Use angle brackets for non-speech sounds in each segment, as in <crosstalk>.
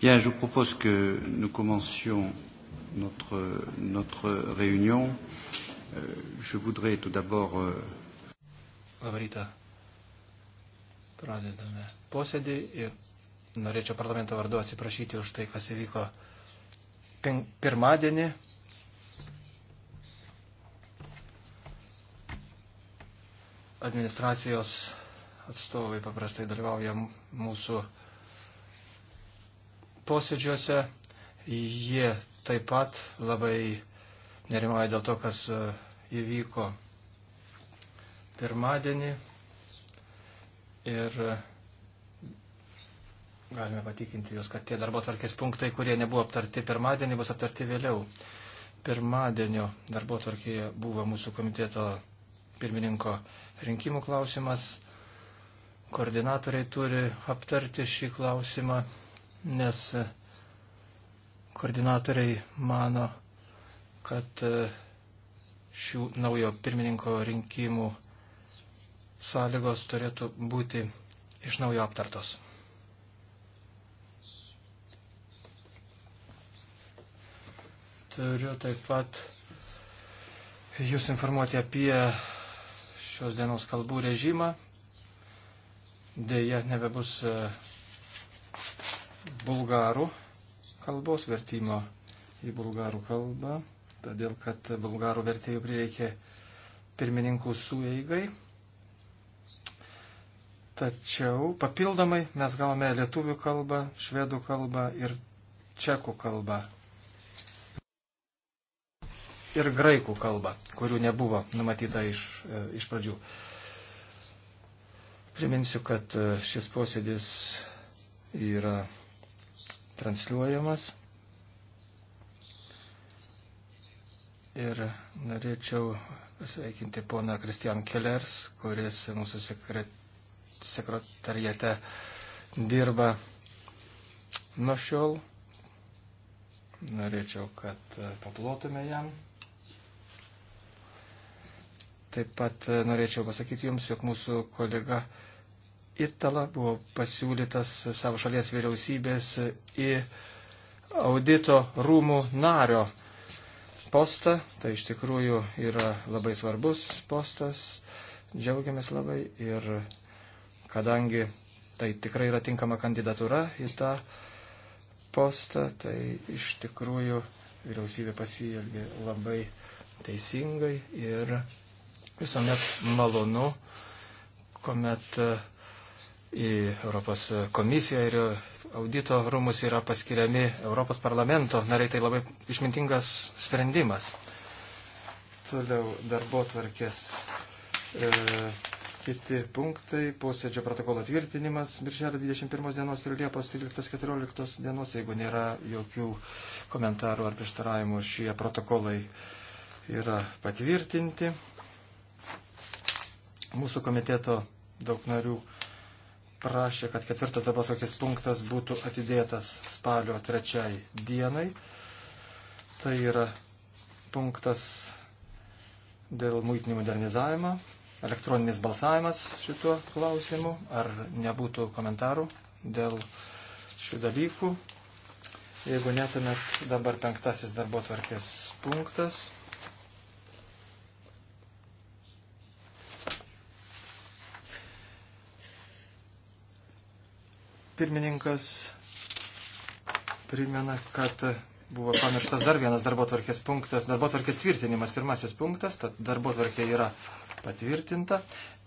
Bien, je vous propose que nous commencions notre, notre réunion. Euh, je voudrais tout d'abord. Euh... Labą rytą. Pradedame posėdį ir norėčiau parlamento vardu atsiprašyti už tai, kas įvyko pirmadienį. Administracijos atstovai paprastai dalyvauja mūsų posėdžiuose. Jie taip pat labai nerimauja dėl to, kas e, įvyko pirmadienį. Ir e, galime patikinti jūs, kad tie darbo tvarkės punktai, kurie nebuvo aptarti pirmadienį, bus aptarti vėliau. Pirmadienio darbo tvarkėje buvo mūsų komiteto pirmininko rinkimų klausimas. Koordinatoriai turi aptarti šį klausimą nes e, koordinatoriai mano, kad e, šių naujo pirmininko rinkimų sąlygos turėtų būti iš naujo aptartos. Turiu taip pat Jūs informuoti apie šios dienos kalbų režimą. Deja, nebebus e, bulgarų kalbos vertimo į bulgarų kalbą, todėl kad bulgarų vertėjų prireikė pirmininkų sueigai. Tačiau papildomai mes gavome lietuvių kalbą, švedų kalbą ir čekų kalbą. Ir graikų kalbą, kurių nebuvo numatyta iš, e, iš pradžių. Priminsiu, kad e, šis posėdis yra transliuojamas. Ir norėčiau pasveikinti poną Kristijan Kellers, kuris mūsų sekret... sekretariate dirba nuo šiol. Norėčiau, kad e, paplotume jam. Taip pat e, norėčiau pasakyti Jums, jog mūsų kolega Itala buvo pasiūlytas savo šalies vyriausybės į audito rūmų nario postą. Tai iš tikrųjų yra labai svarbus postas. Džiaugiamės labai ir kadangi tai tikrai yra tinkama kandidatūra į tą postą, tai iš tikrųjų vyriausybė pasielgė labai teisingai ir visuomet malonu, kuomet uh, į Europos komisiją ir audito rūmus yra paskiriami Europos parlamento nariai. Tai labai išmintingas sprendimas. Toliau darbo tvarkės. E, kiti punktai. Posėdžio protokolo tvirtinimas birželio 21 dienos ir Liepos 13-14 dienos. Jeigu nėra jokių komentarų ar prieštaravimų, šie protokolai yra patvirtinti. Mūsų komiteto daug narių prašė, kad ketvirtas dabar tokias punktas būtų atidėtas spalio trečiai dienai. Tai yra punktas dėl muitinių modernizavimo, elektroninis balsavimas šituo klausimu, ar nebūtų komentarų dėl šių dalykų. Jeigu netumėt dabar penktasis darbo tvarkės punktas. pirmininkas primena, kad buvo pamirštas dar vienas darbo tvarkės punktas, darbo tvarkės tvirtinimas, pirmasis punktas, tad darbo tvarkė yra patvirtinta.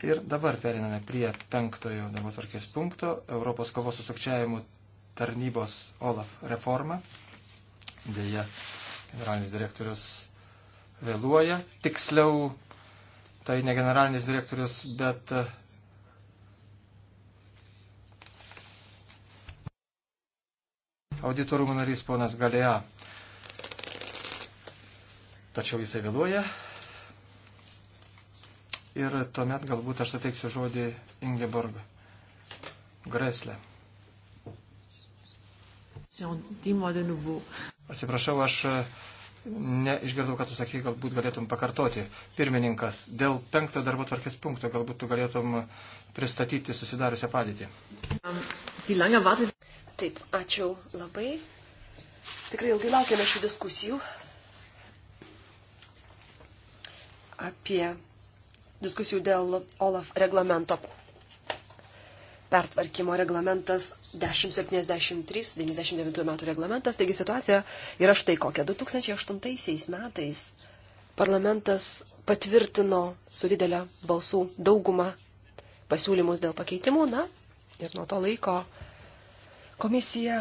Ir dabar periname prie penktojo darbo tvarkės punkto, Europos kovos su sukčiavimu tarnybos OLAF reforma. Deja, generalinis direktorius vėluoja, tiksliau tai ne generalinis direktorius, bet auditorumo narys ponas Galea. Tačiau jisai vėluoja. Ir tuomet galbūt aš suteiksiu žodį Ingeborg Greslė. Atsiprašau, aš e, neišgirdau, kad tu sakai, galbūt galėtum pakartoti. Pirmininkas, dėl penkto darbo tvarkės punkto galbūt tu galėtum e, pristatyti susidariusią padėtį. Um, Taip, ačiū labai. Tikrai ilgai laukiame šių diskusijų apie diskusijų dėl OLAF reglamento. Pertvarkymo reglamentas 1073-99 metų reglamentas. Taigi situacija yra štai kokia. 2008 metais parlamentas patvirtino su didelė balsų dauguma pasiūlymus dėl pakeitimų. Na, ir nuo to laiko Komisija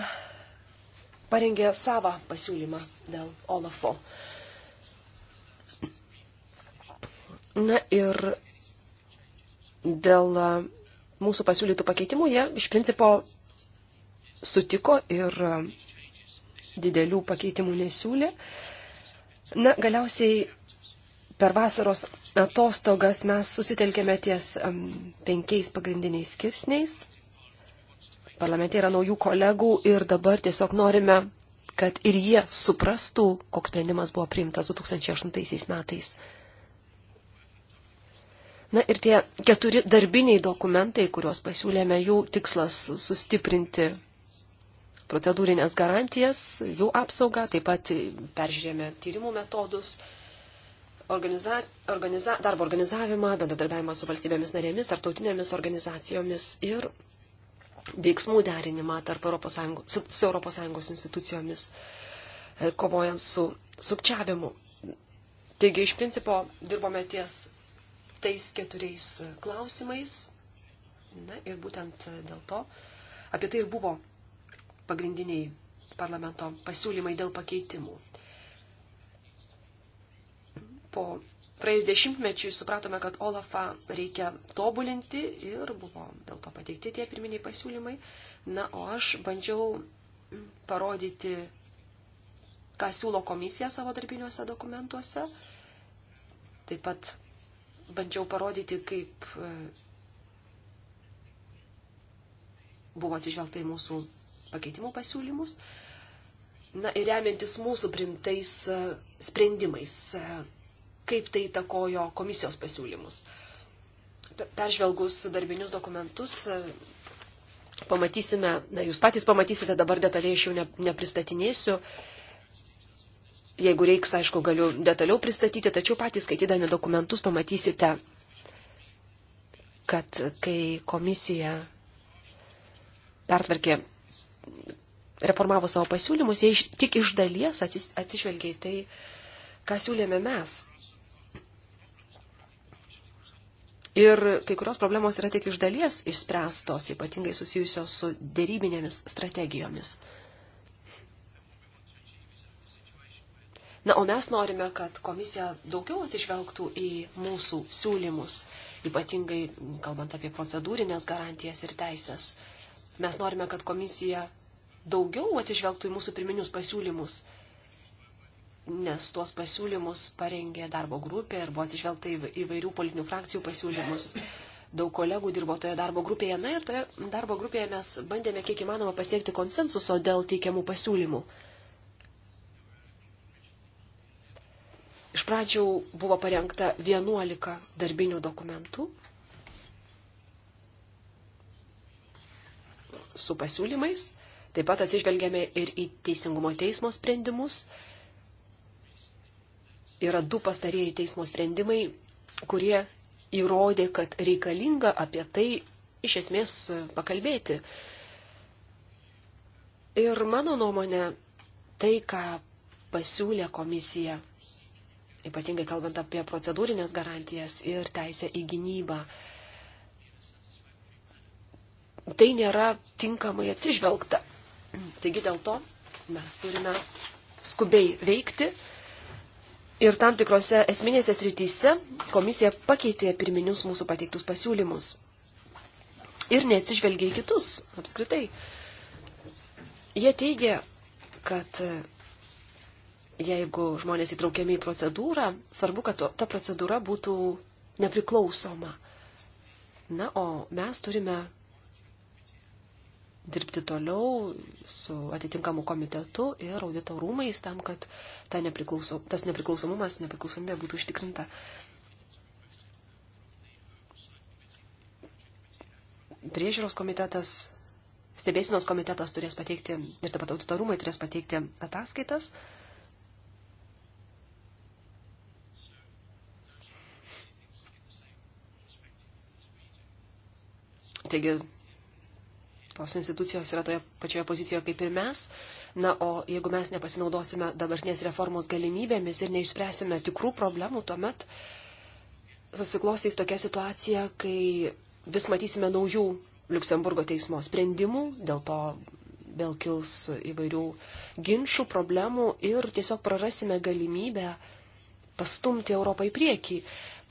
parengė savo pasiūlymą dėl Olafo. Na ir dėl e, mūsų pasiūlytų pakeitimų jie iš principo sutiko ir e, didelių pakeitimų nesiūlė. Na, galiausiai per vasaros atostogas mes susitelkėme ties penkiais pagrindiniais skirsniais parlamente yra naujų kolegų ir dabar tiesiog norime, kad ir jie suprastų, koks sprendimas buvo priimtas 2008 metais. Na ir tie keturi darbiniai dokumentai, kuriuos pasiūlėme, jų tikslas sustiprinti procedūrinės garantijas, jų apsaugą, taip pat peržiūrėjome tyrimų metodus, organiza, organiza, darbo organizavimą, bendradarbiavimą su valstybėmis narėmis, tarptautinėmis organizacijomis ir veiksmų derinimą tarp ES, su, su ES institucijomis, e, kovojant su sukčiavimu. Taigi, iš principo, dirbome ties tais keturiais e, klausimais. Na ir būtent e, dėl to apie tai ir buvo pagrindiniai parlamento pasiūlymai dėl pakeitimų. Po praėjus dešimtmečiui supratome, kad Olafą reikia tobulinti ir buvo dėl to pateikti tie pirminiai pasiūlymai. Na, o aš bandžiau mm, parodyti, ką siūlo komisija savo darbiniuose dokumentuose. Taip pat bandžiau parodyti, kaip e, buvo atsižvelgta į mūsų pakeitimų pasiūlymus. Na ir remiantis mūsų primtais e, sprendimais, e, kaip tai įtakojo komisijos pasiūlymus. Peržvelgus darbinius dokumentus, e, pamatysime, na, jūs patys pamatysite, dabar detaliai aš jau ne, nepristatinėsiu. Jeigu reiks, aišku, galiu detaliau pristatyti, tačiau patys skaitydami dokumentus pamatysite, kad kai komisija pertvarkė, reformavo savo pasiūlymus, jie iš, tik iš dalies atsižvelgia į tai, ką siūlėme mes. Ir kai kurios problemos yra tik iš dalies išspręstos, ypatingai susijusios su dėrybinėmis strategijomis. Na, o mes norime, kad komisija daugiau atsižvelgtų į mūsų siūlymus, ypatingai kalbant apie procedūrinės garantijas ir teisės. Mes norime, kad komisija daugiau atsižvelgtų į mūsų pirminius pasiūlymus nes tuos pasiūlymus parengė darbo grupė ir buvo atsižvelgta į įvairių politinių frakcijų pasiūlymus. Daug kolegų dirbo toje darbo grupėje. Na ir toje darbo grupėje mes bandėme kiek įmanoma pasiekti konsensuso dėl teikiamų pasiūlymų. Iš pradžių buvo parengta 11 darbinių dokumentų su pasiūlymais. Taip pat atsižvelgėme ir į Teisingumo teismo sprendimus yra du pastarėjai teismo sprendimai, kurie įrodė, kad reikalinga apie tai iš esmės pakalbėti. Ir mano nuomonė, tai, ką pasiūlė komisija, ypatingai kalbant apie procedūrinės garantijas ir teisę į gynybą, tai nėra tinkamai atsižvelgta. Taigi dėl to mes turime skubiai veikti, ir tam tikrose esminėse srityse komisija pakeitė pirminius mūsų pateiktus pasiūlymus ir neatsižvelgia į kitus apskritai. Jie teigia, kad e, jeigu žmonės įtraukiami į procedūrą, svarbu, kad ta procedūra būtų nepriklausoma. Na, o mes turime dirbti toliau su atitinkamu komitetu ir audito rūmais tam, kad ta nepriklauso, tas nepriklausomumas, nepriklausomybė būtų užtikrinta. Priežiūros komitetas, stebėsinos komitetas turės pateikti ir taip pat audito rūmai turės pateikti ataskaitas. Taigi tos institucijos yra toje pačioje pozicijoje kaip ir mes. Na, o jeigu mes nepasinaudosime dabartinės reformos galimybėmis ir neišspręsime tikrų problemų, tuomet susiklostys tokia situacija, kai vis matysime naujų Luksemburgo teismo sprendimų, dėl to vėl kils įvairių ginčių, problemų ir tiesiog prarasime galimybę pastumti Europą į priekį,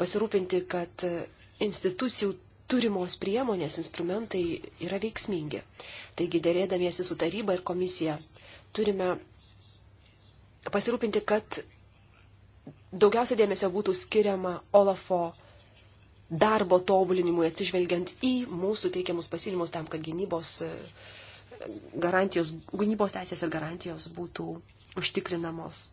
pasirūpinti, kad institucijų turimos priemonės, instrumentai yra veiksmingi. Taigi, dėrėdamiesi su taryba ir komisija, turime pasirūpinti, kad daugiausia dėmesio būtų skiriama Olafo darbo tobulinimui atsižvelgiant į mūsų teikiamus pasiūlymus tam, kad gynybos, e, garantijos, gynybos teisės ir garantijos būtų užtikrinamos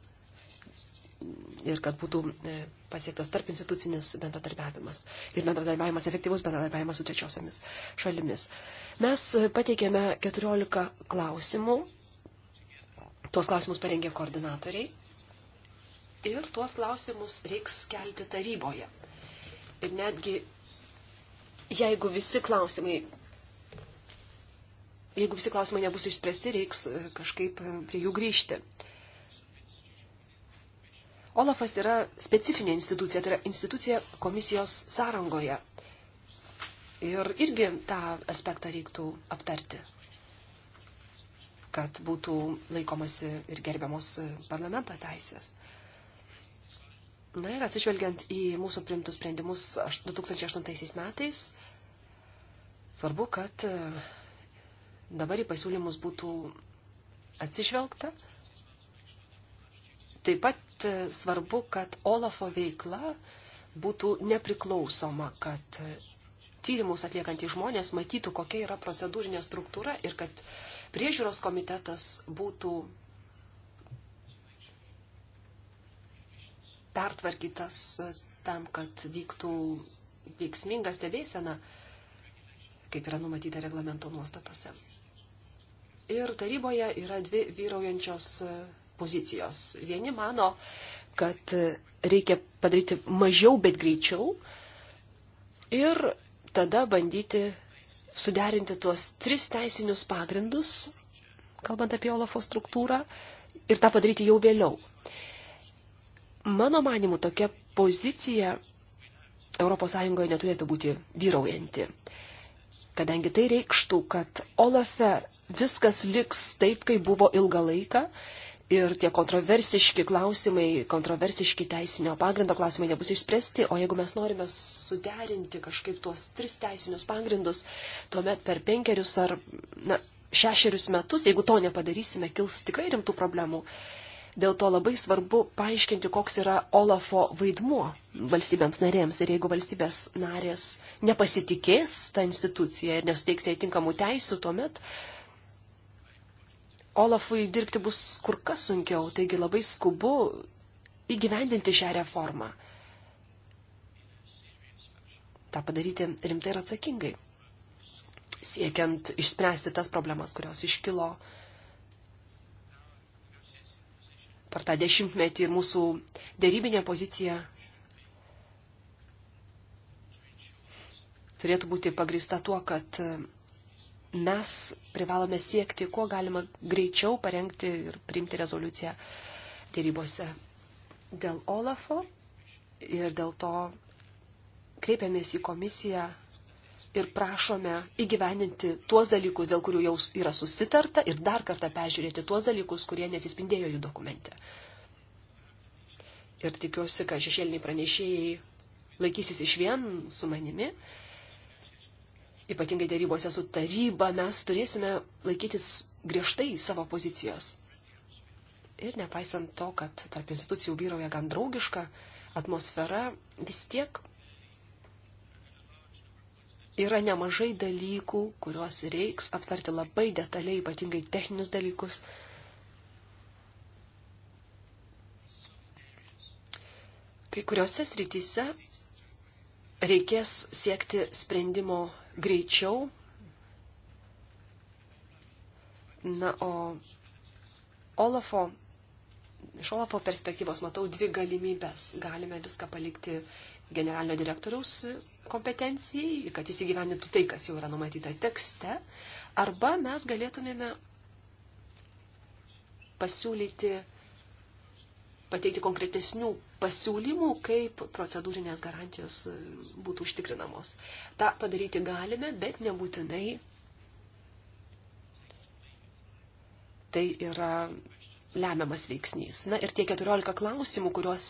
ir kad būtų e, pasiektas tarp institucinis bendradarbiavimas ir bendradarbiavimas, efektyvus bendradarbiavimas su trečiosiamis šalimis. Mes e, pateikėme 14 klausimų, tuos klausimus parengė koordinatoriai ir tuos klausimus reiks kelti taryboje. Ir netgi jeigu visi klausimai. Jeigu visi klausimai nebus išspręsti, reiks e, kažkaip prie jų grįžti. Uh, Olafas yra specifinė institucija, tai yra institucija komisijos sąrangoje. Ir irgi tą aspektą reiktų aptarti, kad būtų laikomasi ir gerbiamos parlamento teisės. Na ir atsižvelgiant į mūsų primtus sprendimus 2008 metais, svarbu, kad e, dabar į pasiūlymus būtų atsižvelgta Taip pat e, svarbu, kad Olafo veikla būtų nepriklausoma, kad e, tyrimus atliekantys žmonės matytų, kokia yra procedūrinė struktūra ir kad priežiūros komitetas būtų pertvarkytas e, tam, kad vyktų veiksminga stebėsena, kaip yra numatyta reglamento nuostatose. Ir taryboje yra dvi vyraujančios pozicijos. Vieni mano, kad reikia padaryti mažiau, bet greičiau ir tada bandyti suderinti tuos tris teisinius pagrindus, kalbant apie Olafo struktūrą, ir tą padaryti jau vėliau. Mano manimu, tokia pozicija ES neturėtų būti vyraujanti, kadangi tai reikštų, kad Olafe viskas liks taip, kaip buvo ilgą laiką ir tie kontroversiški klausimai, kontroversiški teisinio pagrindo klausimai nebus išspręsti, o jeigu mes norime suderinti kažkaip tuos tris teisinius pagrindus, tuomet per penkerius ar na, šešerius metus, jeigu to nepadarysime, kils tikrai rimtų problemų. Dėl to labai svarbu paaiškinti, koks yra Olafo vaidmuo valstybėms narėms ir jeigu valstybės narės nepasitikės tą instituciją ir nesuteiks jai tinkamų teisų, tuomet Olafui dirbti bus kur kas sunkiau, taigi labai skubu įgyvendinti šią reformą. Ta padaryti rimtai ir atsakingai, siekiant išspręsti tas problemas, kurios iškilo per tą dešimtmetį ir mūsų dėrybinė pozicija turėtų būti pagrįsta tuo, kad mes privalome siekti, kuo galima greičiau parengti ir priimti rezoliuciją dėrybose dėl Olafo ir dėl to kreipiamės į komisiją ir prašome įgyveninti tuos dalykus, dėl kurių jau yra susitarta ir dar kartą peržiūrėti tuos dalykus, kurie nesispindėjo jų dokumente. Ir tikiuosi, kad šešėliniai pranešėjai laikysis iš vien su manimi ypatingai dėrybose su taryba, mes turėsime laikytis griežtai savo pozicijos. Ir nepaisant to, kad tarp institucijų vyrauja gan draugiška atmosfera, vis tiek yra nemažai dalykų, kuriuos reiks aptarti labai detaliai, ypatingai techninius dalykus. Kai kuriuose srityse reikės siekti sprendimo greičiau. Na, o Olafo, iš Olafo perspektyvos matau dvi galimybės. Galime viską palikti generalinio direktoriaus kompetencijai, kad jis įgyvendintų tai, kas jau yra numatyta tekste. Arba mes galėtumėme pasiūlyti pateikti konkretesnių pasiūlymų, kaip procedūrinės garantijos e, būtų užtikrinamos. Ta padaryti galime, bet nebūtinai. Tai yra lemiamas veiksnys. Na ir tie 14 klausimų, kuriuos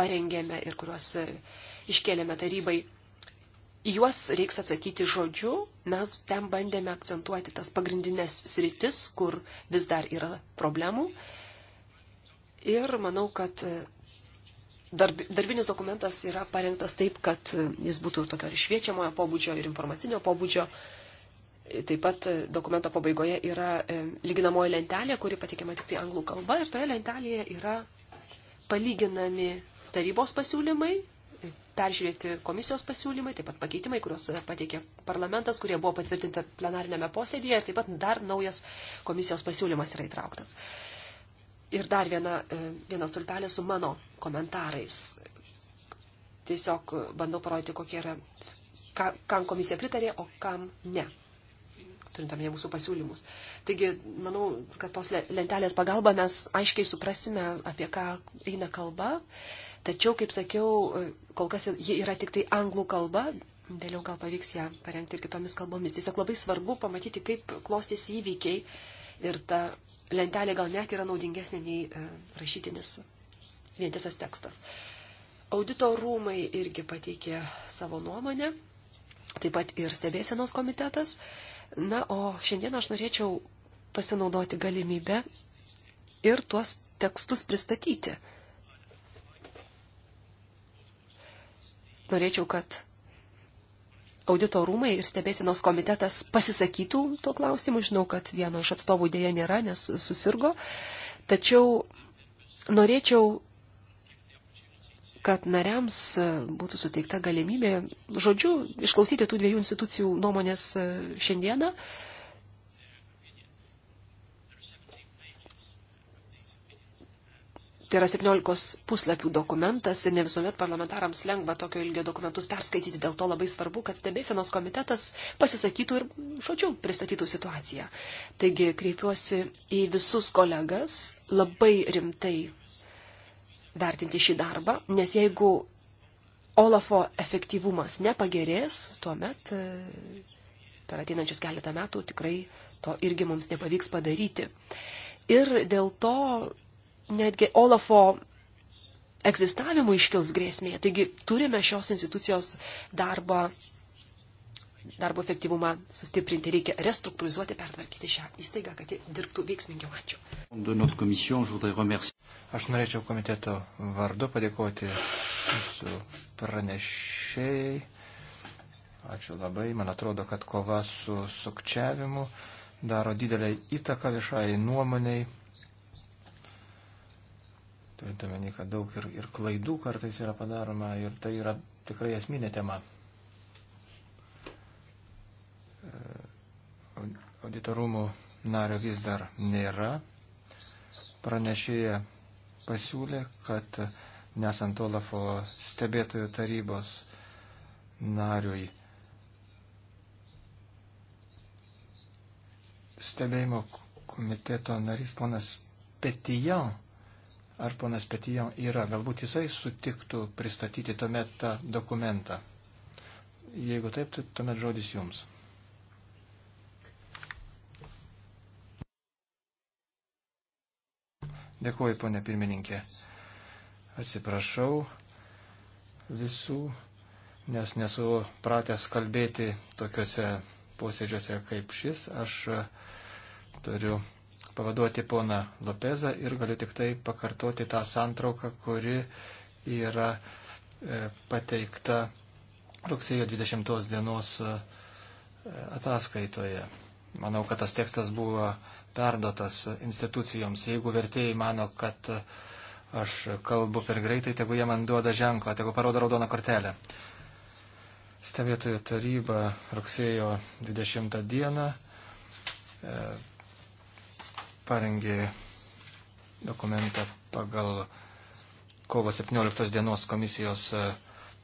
parengėme ir kuriuos e, iškėlėme tarybai, į juos reiks atsakyti žodžiu. Mes ten bandėme akcentuoti tas pagrindinės sritis, kur vis dar yra problemų. Uh, Ir manau, kad e, darb, darbinis dokumentas yra parengtas taip, kad e, jis būtų tokio ir šviečiamojo pobūdžio, ir informacinio pobūdžio. E, taip pat dokumento pabaigoje yra lyginamoji lentelė, kuri pateikiama tik tai anglų kalba. Ir toje lentelėje yra palyginami tarybos pasiūlymai, peržiūrėti komisijos pasiūlymai, taip pat pakeitimai, kuriuos pateikė parlamentas, kurie buvo patvirtinti plenarinėme posėdėje ir taip pat dar naujas komisijos pasiūlymas yra įtrauktas. Ir dar viena, e, vienas tulpelis su mano komentarais. Tiesiog bandau parodyti, kokie yra, kam komisija pritarė, o kam ne. Turint omenyje mūsų pasiūlymus. Taigi, manau, kad tos lentelės pagalba mes aiškiai suprasime, apie ką eina kalba. Tačiau, kaip sakiau, e, kol kas ji yra tik tai anglų kalba, vėliau gal pavyks ją parengti ir kitomis kalbomis. Tiesiog labai svarbu pamatyti, kaip klostėsi įvykiai Ir ta lentelė gal net yra naudingesnė nei e, rašytinis vientisas tekstas. Audito rūmai irgi pateikė savo nuomonę, taip pat ir stebėsenos komitetas. Na, o šiandien aš norėčiau pasinaudoti galimybę ir tuos tekstus pristatyti. Norėčiau, kad audito rūmai ir stebėsienos komitetas pasisakytų tuo klausimu. Žinau, kad vieno iš atstovų dėja nėra, nes susirgo. Tačiau norėčiau, kad nariams būtų suteikta galimybė, žodžiu, išklausyti tų dviejų institucijų nuomonės e, šiandieną. Uh, Tai yra 17 puslapių dokumentas ir ne visuomet parlamentarams lengva tokio ilgio dokumentus perskaityti, dėl to labai svarbu, kad stebėsenos komitetas pasisakytų ir, žodžiu, pristatytų situaciją. Taigi kreipiuosi į visus kolegas labai rimtai vertinti šį darbą, nes jeigu Olafo efektyvumas nepagerės, tuomet e, per ateinančius keletą metų tikrai to irgi mums nepavyks padaryti. Ir dėl to netgi Olafo egzistavimui iškils grėsmė. Taigi turime šios institucijos darbą, darbo efektyvumą sustiprinti. Reikia restruktūrizuoti, pertvarkyti šią įstaigą, kad ji dirbtų veiksmingiau. Ačiū. Aš norėčiau komiteto vardu padėkoti jūsų pranešėjai. Ačiū labai. Man atrodo, kad kova su sukčiavimu daro didelį įtaką viešai nuomoniai Turint omeny, kad daug ir, ir klaidų kartais yra padaroma ir tai yra tikrai esminė tema. E, auditorumų nario vis dar nėra. Pranešėja pasiūlė, kad nesant Olafo stebėtojų tarybos nariui stebėjimo komiteto narys ponas Petijan ar ponas Petijon yra. Galbūt jisai sutiktų pristatyti tuomet tą dokumentą. Jeigu taip, tai tuomet žodis jums. Dėkuoju, ponė pirmininkė. Atsiprašau visų, nes nesu pratęs kalbėti tokiuose posėdžiuose kaip šis. Aš turiu pavaduoti poną Lopezą ir galiu tik tai pakartoti tą santrauką, kuri yra e, pateikta rugsėjo 20 dienos e, ataskaitoje. Manau, kad tas tekstas buvo perdotas institucijoms. Jeigu vertėjai mano, kad e, aš kalbu per greitai, tegu jie man duoda ženklą, tegu parodo raudoną kortelę. Stebėtojų taryba rugsėjo 20 dieną parengė dokumentą pagal kovo 17 dienos komisijos e,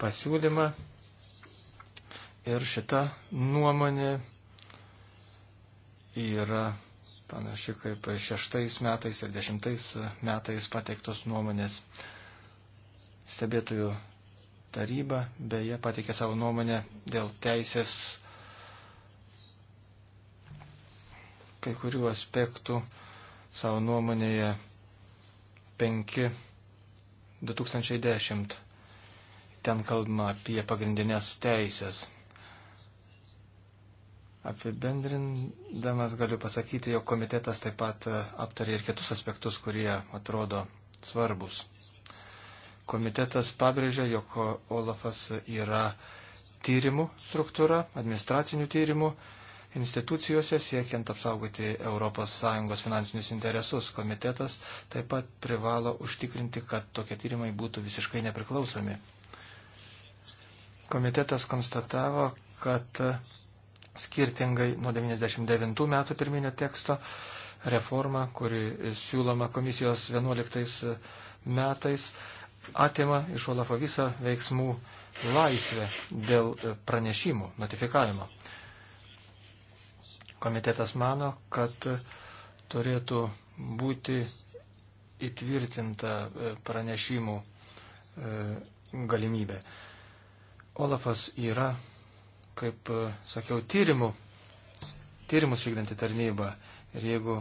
pasiūlymą. Ir šita nuomonė yra panaši kaip šeštais metais ir dešimtais metais pateiktos nuomonės. Stebėtojų taryba beje pateikė savo nuomonę dėl teisės kai kurių aspektų savo nuomonėje 5 2010. Ten kalbama apie pagrindinės teisės. Apibendrindamas galiu pasakyti, jog komitetas taip pat e, aptarė ir kitus aspektus, kurie atrodo svarbus. Komitetas pabrėžia, jog Olafas yra tyrimų struktūra, administracinių tyrimų institucijose siekiant apsaugoti ES finansinius interesus. Komitetas taip pat privalo užtikrinti, kad tokie tyrimai būtų visiškai nepriklausomi. Komitetas konstatavo, kad skirtingai nuo 99 metų pirminio teksto reforma, kuri siūloma komisijos 11 metais, atima iš Olafo visą veiksmų laisvę dėl pranešimų, notifikavimo. Komitetas mano, kad turėtų būti įtvirtinta e, pranešimų e, galimybė. Olafas yra, kaip e, sakiau, tyrimų, tyrimus vykdanti tarnyba. Ir jeigu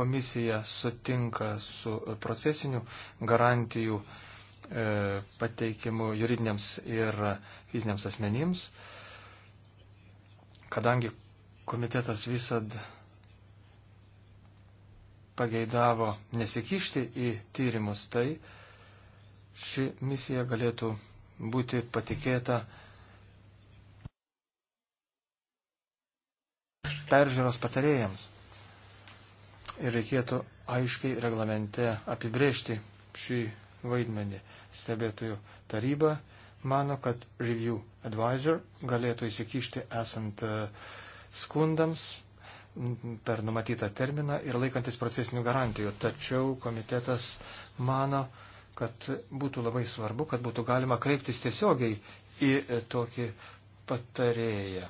komisija sutinka su procesiniu garantijų e, pateikimu juridiniams ir fiziniams asmenims, kadangi komitetas visad pageidavo nesikišti į tyrimus, tai ši misija galėtų būti patikėta peržiūros patarėjams. Ir reikėtų aiškiai reglamente apibrėžti šį vaidmenį. Stebėtojų taryba mano, kad Review Advisor galėtų įsikišti esant uh, skundams per numatytą terminą ir laikantis procesinių garantijų. Tačiau komitetas mano, kad būtų labai svarbu, kad būtų galima kreiptis tiesiogiai į tokį patarėją,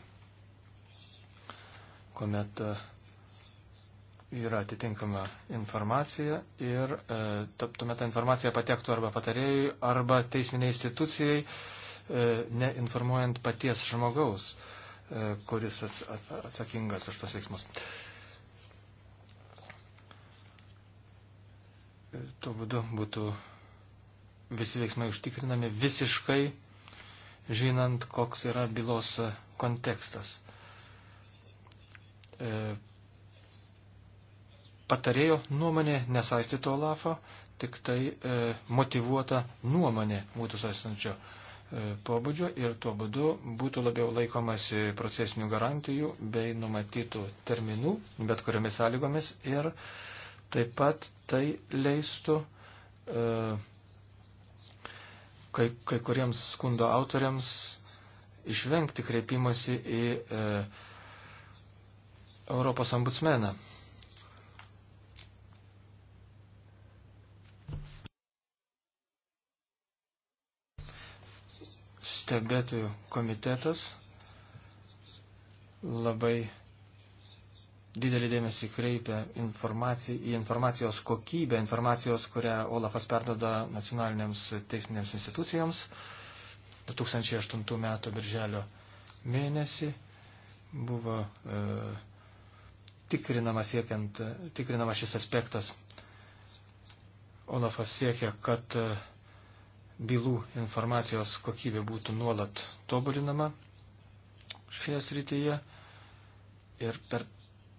kuomet e, yra atitinkama informacija ir e, tuomet ta informacija patektų arba patarėjui, arba teisminiai institucijai, e, neinformuojant paties žmogaus. E, E, kuris atsakingas už tos veiksmus. E, tuo būdu būtų visi veiksmai užtikrinami visiškai, žinant, koks yra bylos kontekstas. E, patarėjo nuomonė nesaistytų Olafo, tik tai motivuota nuomonė būtų saistančio E, pobūdžio ir tuo būdu būtų labiau laikomasi procesinių garantijų bei numatytų terminų, bet kuriomis sąlygomis ir taip pat tai leistų e, kai, kai kuriems skundo autoriams išvengti kreipimosi į e, Europos ambutsmeną. stebėtojų komitetas labai didelį dėmesį kreipia į informacijos kokybę, informacijos, kurią Olafas perdoda nacionalinėms teisminėms institucijoms. 2008 m. birželio mėnesį buvo e, tikrinama, siekiant, tikrinama šis aspektas. Olafas siekia, kad e, bylų informacijos kokybė būtų nuolat tobulinama šioje srityje ir per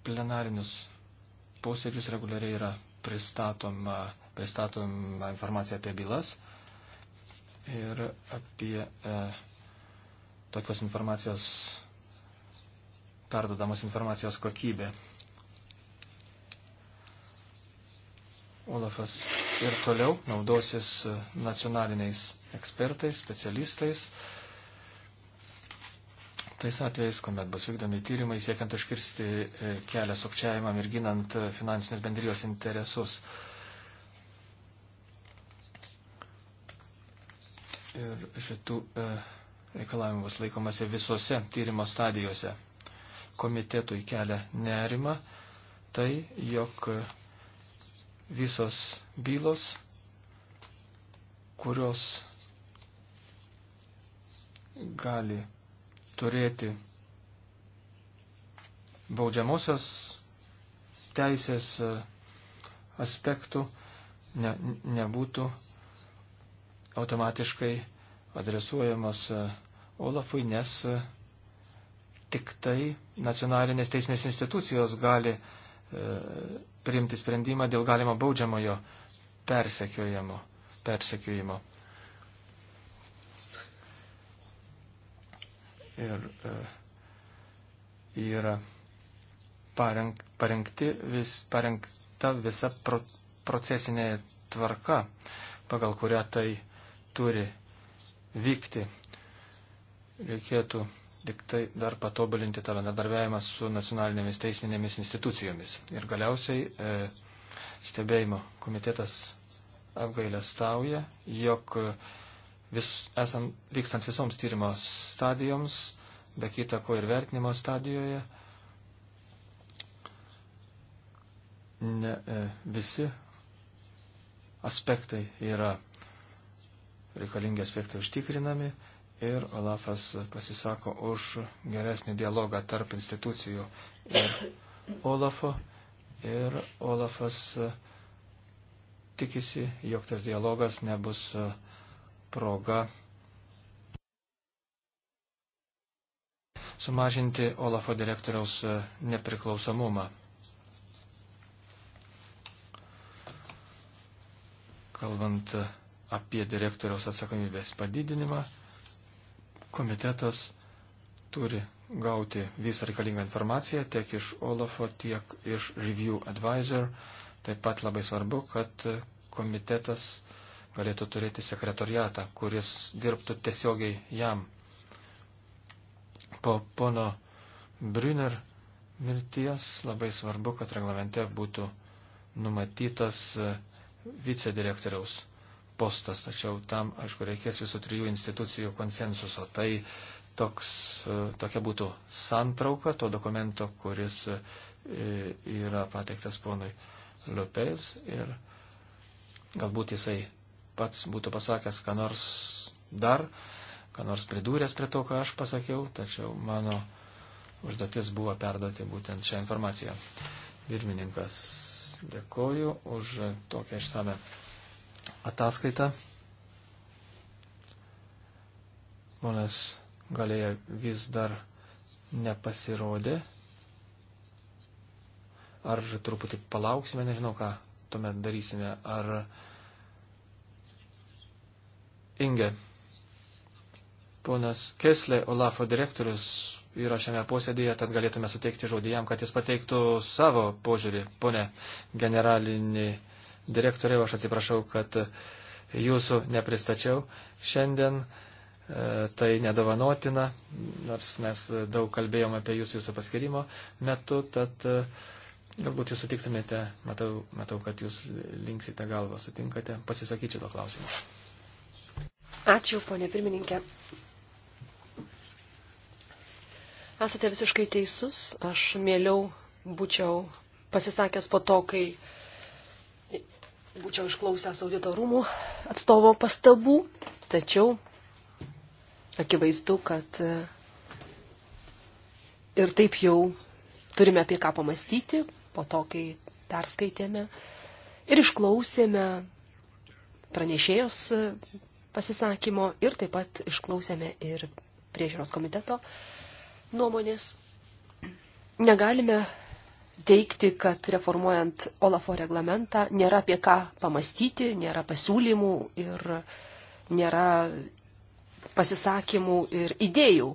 plenarinius posėdžius reguliariai yra pristatoma, pristatoma informacija apie bylas ir apie e, tokios informacijos, perdodamos informacijos kokybę. Olafas ir toliau naudosis e, nacionaliniais ekspertais, specialistais, tais atvejais, kuomet bus vykdomi tyrimai, siekiant užkirsti e, kelią sukčiavimam ir ginant e, finansinius bendrijos interesus. Ir šitų reikalavimų bus laikomasi visose tyrimo stadijose. Komitetui kelia nerima tai, jog visos bylos, kurios gali turėti baudžiamosios teisės e, aspektų, ne, nebūtų automatiškai adresuojamas e, Olafui, nes e, tik tai nacionalinės teismės institucijos gali E, priimti sprendimą dėl galimo baudžiamojo persekiojimo. persekiojimo. Ir e, yra parenk, parengti vis, parengta visa pro, procesinė tvarka, pagal kurią tai turi vykti. Reikėtų tik tai dar patobulinti tą bendradarbiavimą su nacionalinėmis teisminėmis institucijomis. Ir galiausiai e, stebėjimo komitetas apgailę stauja, jog vis, esam, vykstant visoms tyrimo stadijoms, be kita ko ir vertinimo stadijoje, ne, e, visi aspektai yra reikalingi aspektai užtikrinami ir Olafas pasisako už geresnį dialogą tarp institucijų ir Olafo. Ir Olafas e, tikisi, jog tas dialogas nebus e, proga sumažinti Olafo direktoriaus e, nepriklausomumą. Kalbant apie direktoriaus atsakomybės padidinimą, komitetas turi gauti visą reikalingą informaciją tiek iš Olafo, tiek iš Review Advisor. Taip pat labai svarbu, kad komitetas galėtų turėti sekretoriatą, kuris dirbtų tiesiogiai jam. Po pono Brüner mirties labai svarbu, kad reglamente būtų numatytas e, vicedirektoriaus postas, tačiau tam, aišku, reikės visų trijų institucijų konsensuso. Tai toks, e, tokia būtų santrauka to dokumento, kuris e, yra pateiktas ponui Liupės ir galbūt jisai pats būtų pasakęs, ką nors dar, ką nors pridūręs prie to, ką aš pasakiau, tačiau mano užduotis buvo perduoti būtent šią informaciją. Pirmininkas, dėkoju už tokią išsame ataskaitą. Ponas galėja vis dar nepasirodė. Ar truputį palauksime, nežinau, ką tuomet darysime. Ar Inge, ponas Keslė, Olafo direktorius, yra šiame posėdėje, tad galėtume suteikti žodį jam, kad jis pateiktų savo požiūrį, ponė generalinį direktoriau, aš atsiprašau, kad jūsų nepristačiau šiandien. E, tai nedovanotina, nors mes daug kalbėjom apie jūs jūsų paskirimo metu, tad e, galbūt jūs sutiktumėte, matau, matau, kad jūs linksite galvą, sutinkate, pasisakyti to klausimu. Ačiū, ponė pirmininkė. Esate visiškai teisus, aš mieliau būčiau pasisakęs po to, kai uh, būčiau išklausęs audito rūmų atstovo pastabų, tačiau akivaizdu, kad e, ir taip jau turime apie ką pamastyti po to, kai perskaitėme ir išklausėme pranešėjos e, pasisakymo ir taip pat išklausėme ir priežiūros komiteto nuomonės. Negalime teikti, kad reformuojant Olafo reglamentą nėra apie ką pamastyti, nėra pasiūlymų ir nėra pasisakymų ir idėjų.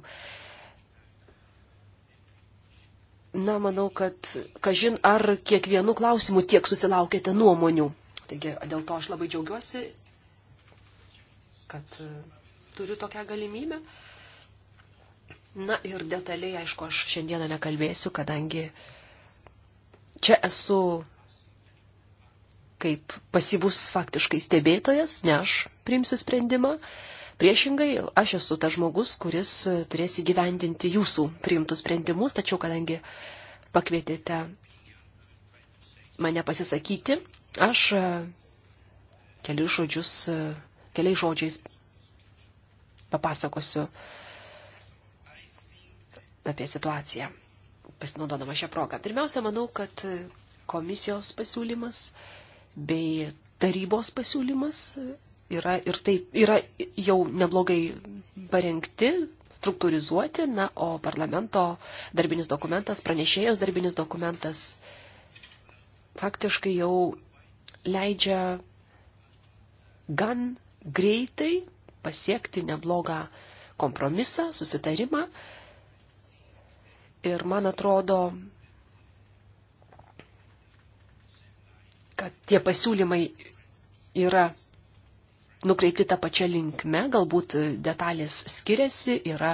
Na, manau, kad kažin ar kiekvienu klausimu tiek susilaukėte nuomonių. Taigi, dėl to aš labai džiaugiuosi, kad e, turiu tokią galimybę. Na ir detaliai, aišku, aš šiandieną nekalbėsiu, kadangi uh, Čia esu kaip pasibus faktiškai stebėtojas, ne aš priimsiu sprendimą. Priešingai, aš esu tas žmogus, kuris turės įgyvendinti jūsų priimtus sprendimus, tačiau kadangi pakvietėte mane pasisakyti, aš e, keli žodžius, e, keliais žodžiais papasakosiu apie situaciją pasinaudodama šią progą. Pirmiausia, manau, kad komisijos pasiūlymas bei tarybos pasiūlymas yra ir taip yra jau neblogai parengti, struktūrizuoti, na, o parlamento darbinis dokumentas, pranešėjos darbinis dokumentas faktiškai jau leidžia gan greitai pasiekti neblogą kompromisą, susitarimą, Ir man atrodo, kad tie pasiūlymai yra nukreipti tą pačią linkmę, galbūt detalės skiriasi, yra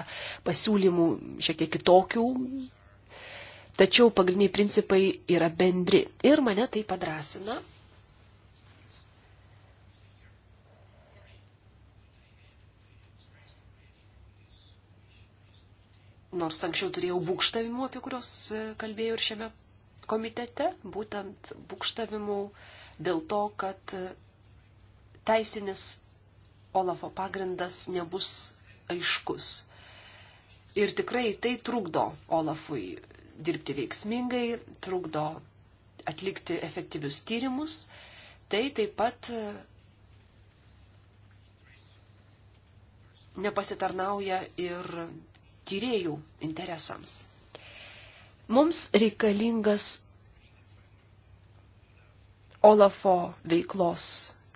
pasiūlymų šiek tiek kitokių, tačiau pagrindiniai principai yra bendri. Ir mane tai padrasina. nors anksčiau turėjau būkštavimų, apie kuriuos e, kalbėjau ir šiame komitete, būtent būkštavimų dėl to, kad e, teisinis Olafo pagrindas nebus aiškus. Ir tikrai tai trukdo Olafui dirbti veiksmingai, trukdo atlikti efektyvius tyrimus. Tai taip pat e, nepasitarnauja ir tyriejų interesams. Mums reikalingas Olafo veiklos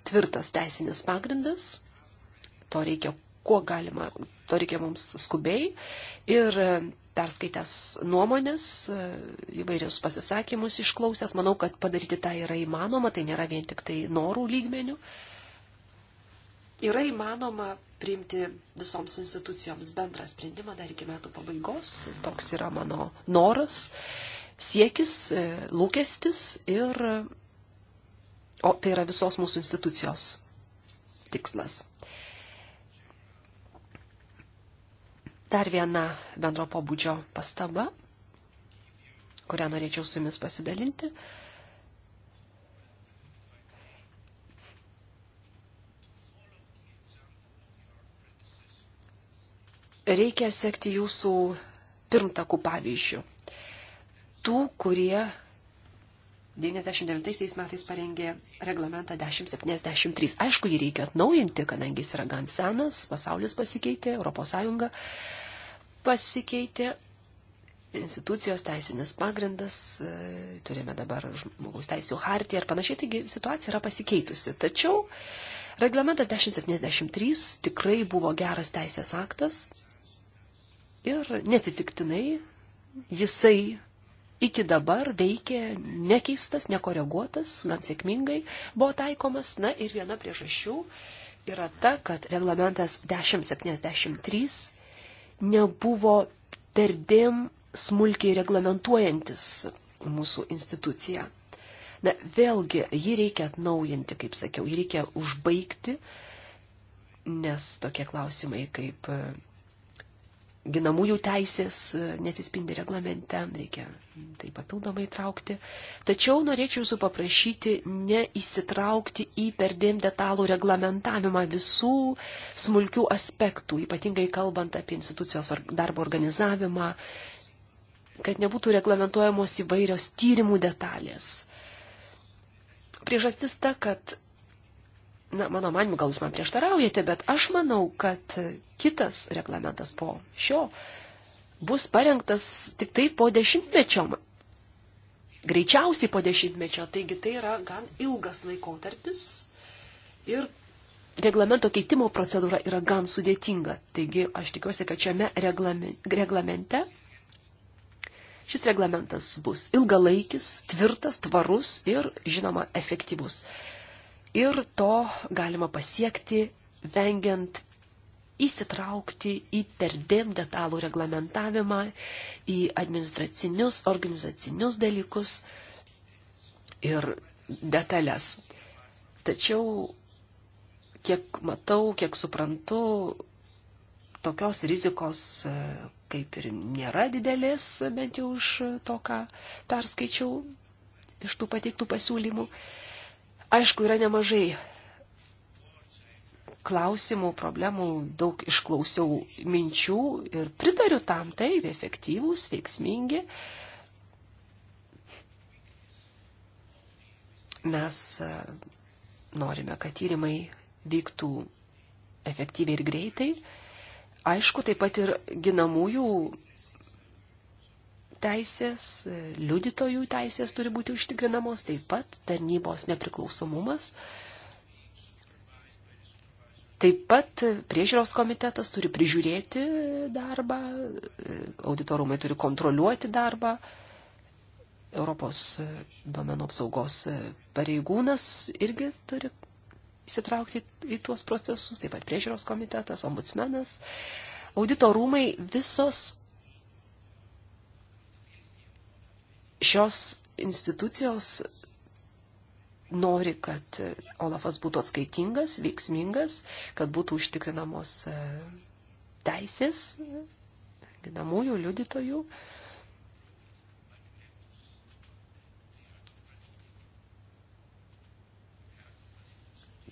tvirtas teisinis pagrindas, to reikia kuo galima, to reikia mums skubiai ir perskaitęs nuomonės, įvairius pasisakymus išklausęs, manau, kad padaryti tą yra įmanoma, tai nėra vien tik tai norų lygmenių. Yra įmanoma priimti visoms institucijoms bendrą sprendimą dar iki metų pabaigos. Toks yra mano noras, siekis, e, lūkestis ir. O tai yra visos mūsų institucijos tikslas. Dar viena bendro pobūdžio pastaba, kurią norėčiau su jumis pasidalinti. reikia sekti jūsų pirmtakų pavyzdžių. Tų, kurie 99 metais parengė reglamentą 1073. Aišku, jį reikia atnaujinti, kadangi jis yra gan senas, pasaulis pasikeitė, ES pasikeitė, institucijos teisinis pagrindas, e, turime dabar žmogaus teisų hartiją ir panašiai, taigi situacija yra pasikeitusi. Tačiau reglamentas 1073 tikrai buvo geras teisės aktas, Ir netitiktinai jisai iki dabar veikė nekeistas, nekoreguotas, gan sėkmingai buvo taikomas. Na ir viena priežasčių yra ta, kad reglamentas 1073 nebuvo perdėm smulkiai reglamentuojantis mūsų instituciją. Na, vėlgi, jį reikia atnaujinti, kaip sakiau, jį reikia užbaigti, nes tokie klausimai kaip ginamųjų teisės e, netispindi reglamente, reikia tai papildomai traukti. Tačiau norėčiau jūsų paprašyti neįsitraukti į perdėm detalų reglamentavimą visų smulkių aspektų, ypatingai kalbant apie institucijos darbo organizavimą, kad nebūtų reglamentuojamos įvairios tyrimų detalės. Priežastis ta, kad Na, mano manimu, gal jūs man prieštaraujate, bet aš manau, kad kitas reglamentas po šio bus parengtas tik tai po dešimtmečio. Greičiausiai po dešimtmečio, taigi tai yra gan ilgas laikotarpis ir reglamento keitimo procedūra yra gan sudėtinga. Taigi aš tikiuosi, kad šiame reglamente šis reglamentas bus ilgalaikis, tvirtas, tvarus ir, žinoma, efektyvus ir to galima pasiekti vengiant įsitraukti į perdėm detalų reglamentavimą, į administracinius, organizacinius dalykus ir detalės. Tačiau, kiek matau, kiek suprantu, tokios rizikos e, kaip ir nėra didelės, bent jau iš to, ką perskaičiau iš tų pateiktų pasiūlymų. Uh, Aišku, yra nemažai klausimų, problemų, daug išklausiau minčių ir pritariu tam taip, efektyvūs, veiksmingi. Mes e, norime, kad tyrimai vyktų efektyviai ir greitai. Aišku, taip pat ir ginamųjų teisės, liudytojų teisės turi būti užtikrinamos, taip pat tarnybos nepriklausomumas. Taip pat priežiūros komitetas turi prižiūrėti darbą, auditorumai turi kontroliuoti darbą, Europos domenų apsaugos pareigūnas irgi turi įsitraukti į tuos procesus, taip pat priežiūros komitetas, ombudsmenas. Auditorumai visos Šios institucijos nori, kad Olafas būtų atskaitingas, veiksmingas, kad būtų užtikrinamos e, teisės ginamųjų liudytojų.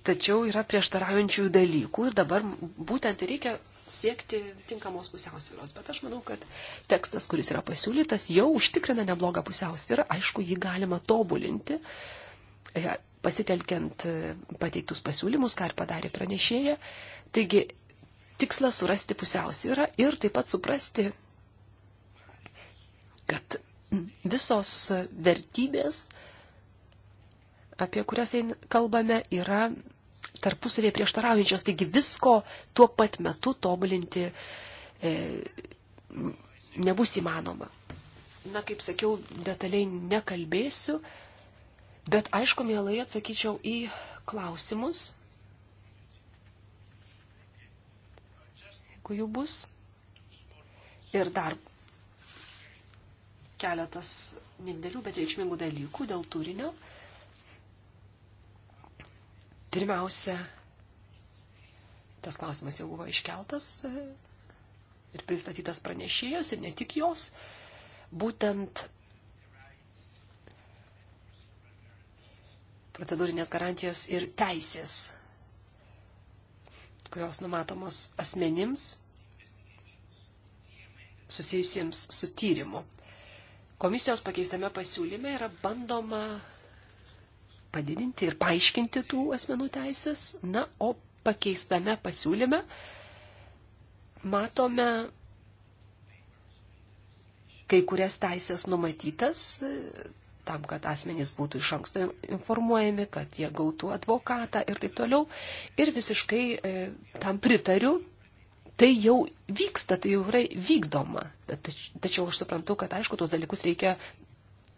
Tačiau yra prieštaraujančių dalykų ir dabar būtent reikia siekti tinkamos pusiausvyros. Bet aš manau, kad tekstas, kuris yra pasiūlytas, jau užtikrina neblogą pusiausvyrą. Aišku, jį galima tobulinti, e, pasitelkiant e, pateiktus pasiūlymus, ką ir padarė pranešėja. Taigi, tikslas surasti pusiausvyrą ir taip pat suprasti, kad visos vertybės, apie kurias kalbame, yra tarpusavėje prieštaraujančios, taigi visko tuo pat metu tobulinti e, nebus įmanoma. Na, kaip sakiau, detaliai nekalbėsiu, bet aišku, mielai atsakyčiau į klausimus, jeigu jų bus. Ir dar keletas nedėlių, bet reikšmingų dalykų dėl turinio. Pirmiausia, tas klausimas jau buvo iškeltas e, ir pristatytas pranešėjos ir ne tik jos. Būtent procedūrinės garantijos ir teisės, kurios numatomos asmenims susijusiems su tyrimu. Komisijos pakeistame pasiūlyme yra bandoma padidinti ir paaiškinti tų asmenų teisės. Na, o pakeistame pasiūlyme matome kai kurias teisės numatytas e, tam, kad asmenys būtų iš anksto informuojami, kad jie gautų advokatą ir taip toliau. Ir visiškai e, tam pritariu. Tai jau vyksta, tai jau yra vykdoma. Bet, tačiau aš suprantu, kad aišku, tuos dalykus reikia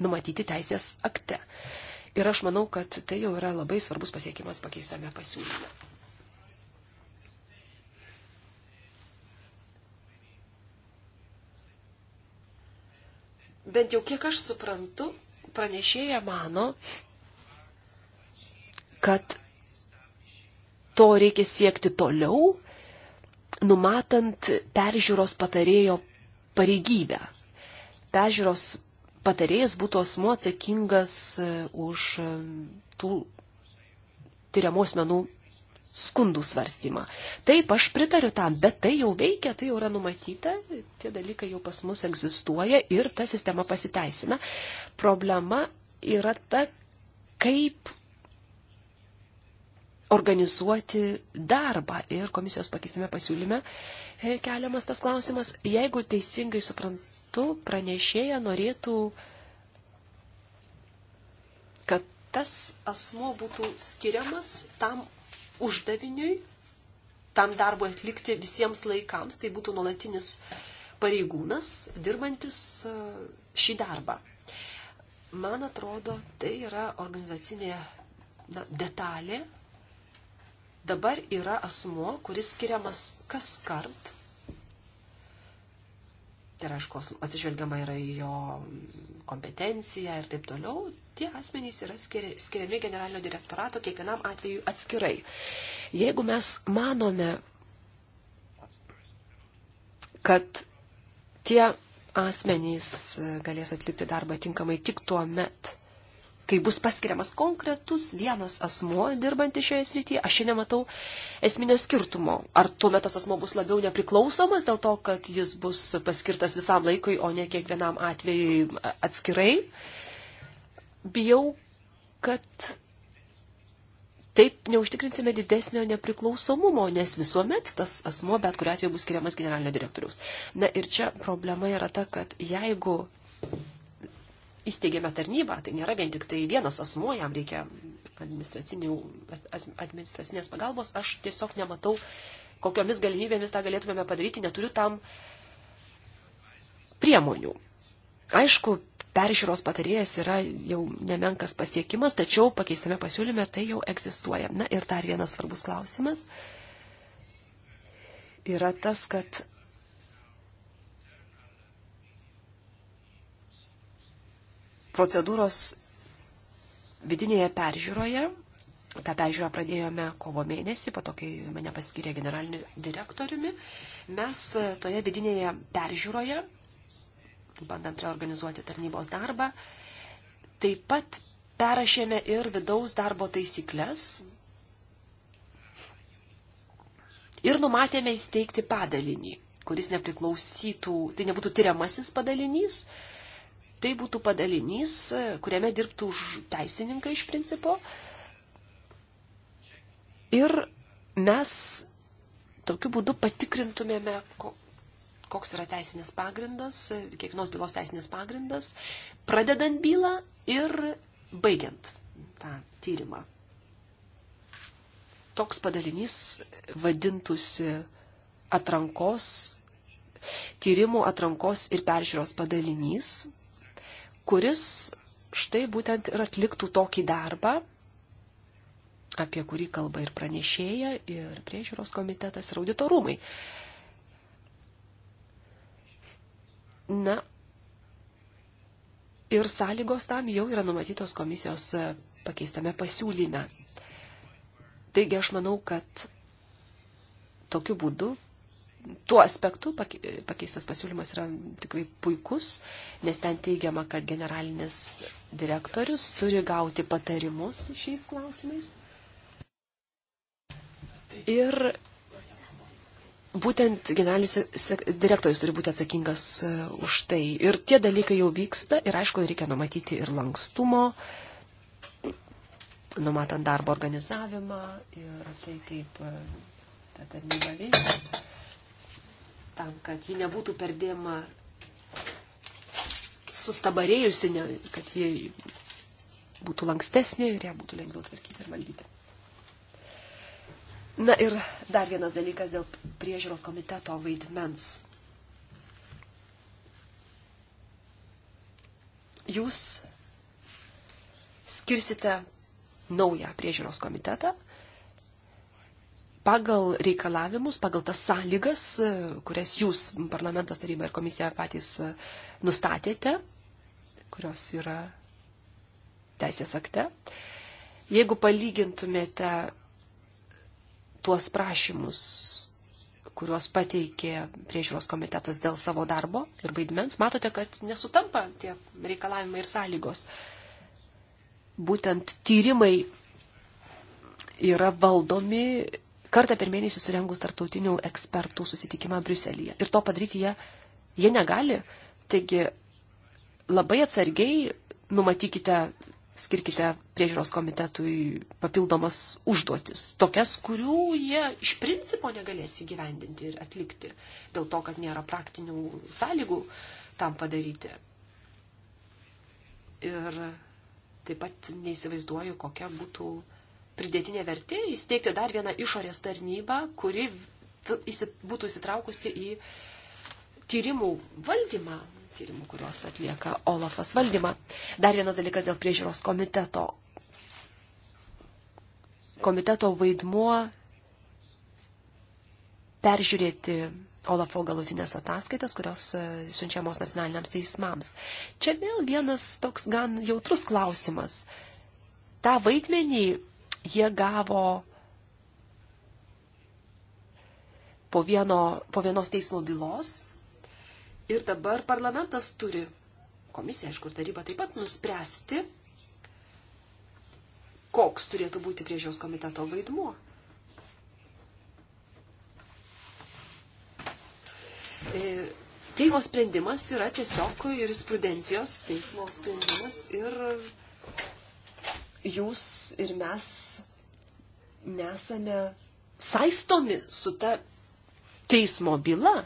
numatyti teisės akte. E, Ir aš manau, kad tai jau yra labai svarbus pasiekimas pakeistame pasiūlyme. Bent jau kiek aš suprantu, pranešėja mano, kad to reikia siekti toliau, numatant peržiūros patarėjo pareigybę. Peržiūros patarėjas būtų asmo atsakingas e, už e, tų tyriamų asmenų skundų svarstymą. Taip, aš pritariu tam, bet tai jau veikia, tai jau yra numatyta, tie dalykai jau pas mus egzistuoja ir ta sistema pasiteisina. Problema yra ta, kaip organizuoti darbą. Ir komisijos pakeistame pasiūlyme e, keliamas tas klausimas, jeigu teisingai suprantu metu pranešėja norėtų, kad tas asmo būtų skiriamas tam uždaviniui, tam darbui atlikti visiems laikams. Tai būtų nuolatinis pareigūnas, dirbantis e, šį darbą. Man atrodo, tai yra organizacinė na, detalė. Dabar yra asmo, kuris skiriamas kas kart tai yra, aišku, atsižvelgiama yra į jo kompetenciją ir taip toliau, tie asmenys yra skiri, skiriami generalinio direktorato kiekvienam atveju atskirai. Jeigu mes manome, kad tie asmenys galės atlikti darbą tinkamai tik tuo met, kai bus paskiriamas konkretus vienas asmo dirbantis šioje srityje, aš čia nematau esminio skirtumo. Ar tuomet tas asmo bus labiau nepriklausomas dėl to, kad jis bus paskirtas visam laikui, o ne kiekvienam atvejui atskirai. Bijau, kad taip neužtikrinsime didesnio nepriklausomumo, nes visuomet tas asmo bet kuriu atveju bus skiriamas generalinio direktoriaus. Na ir čia problema yra ta, kad jeigu įsteigėme tarnybą, tai nėra vien tik tai vienas asmuo, jam reikia administracinės pagalbos, aš tiesiog nematau, kokiomis galimybėmis tą galėtumėme padaryti, neturiu tam priemonių. Aišku, peržiūros patarėjas yra jau nemenkas pasiekimas, tačiau pakeistame pasiūlyme tai jau egzistuoja. Na ir dar vienas svarbus klausimas yra tas, kad procedūros vidinėje peržiūroje. Ta peržiūra pradėjome kovo mėnesį, po to, kai mane paskyrė generaliniu direktoriumi. Mes e, toje vidinėje peržiūroje, bandant reorganizuoti tarnybos darbą, taip pat perrašėme ir vidaus darbo taisyklės ir numatėme įsteigti padalinį, kuris nepriklausytų, tai nebūtų tyriamasis padalinys, tai būtų padalinys, kuriame dirbtų už teisininką iš principo. Ir mes tokiu būdu patikrintumėme, koks yra teisinis pagrindas, kiekvienos bylos teisinis pagrindas, pradedant bylą ir baigiant tą tyrimą. Toks padalinys vadintųsi atrankos, tyrimų atrankos ir peržiūros padalinys kuris štai būtent ir atliktų tokį darbą, apie kurį kalba ir pranešėja, ir priežiūros komitetas, ir auditorumai. Na, ir sąlygos tam jau yra numatytos komisijos pakeistame pasiūlyme. Taigi aš manau, kad tokiu būdu tuo aspektu pakeistas pasiūlymas yra tikrai puikus, nes ten teigiama, kad generalinis direktorius turi gauti patarimus šiais klausimais. Ir būtent generalinis direktorius turi būti atsakingas e, už tai. Ir tie dalykai jau vyksta ir aišku, reikia numatyti ir lankstumo, numatant darbo organizavimą ir tai, kaip e, ta tarnyba veikia tam, kad ji nebūtų perdėm sustabarėjusi, ne, kad ji būtų lankstesnė ir ją būtų lengviau tvarkyti ir valdyti. Na ir dar vienas dalykas dėl priežiūros komiteto vaidmens. Jūs skirsite naują priežiūros komitetą, pagal reikalavimus, pagal tas sąlygas, e, kurias jūs, parlamentas, taryba ir komisija patys e, nustatėte, kurios yra teisės akte. Jeigu palygintumėte tuos prašymus, kuriuos pateikė priežiūros komitetas dėl savo darbo ir vaidmens, matote, kad nesutampa tie reikalavimai ir sąlygos. Būtent tyrimai yra valdomi kartą per mėnesį surengus tarptautinių ekspertų susitikimą Briuselėje. Ir to padaryti jie, jie negali. Taigi labai atsargiai numatykite, skirkite priežiūros komitetui papildomas užduotis, tokias, kurių jie iš principo negalės įgyvendinti ir atlikti, dėl to, kad nėra praktinių sąlygų tam padaryti. Ir taip pat neįsivaizduoju, kokia būtų pridėtinė vertė įsteigti dar vieną išorės tarnybą, kuri būtų įsitraukusi į tyrimų valdymą, tyrimų, kuriuos atlieka Olafas valdymą. Dar vienas dalykas dėl priežiūros komiteto. Komiteto vaidmuo peržiūrėti Olafo galutinės ataskaitas, kurios e, siunčiamos nacionaliniams teismams. Čia vėl vienas toks gan jautrus klausimas. Ta vaidmenį jie gavo po, vieno, po vienos teismo bylos ir dabar parlamentas turi, komisija, aišku, taryba taip pat nuspręsti, koks turėtų būti priežiaus komiteto vaidmuo. E, teismo sprendimas yra tiesiog jurisprudencijos teismo sprendimas ir jūs ir mes nesame saistomi su ta teismo byla.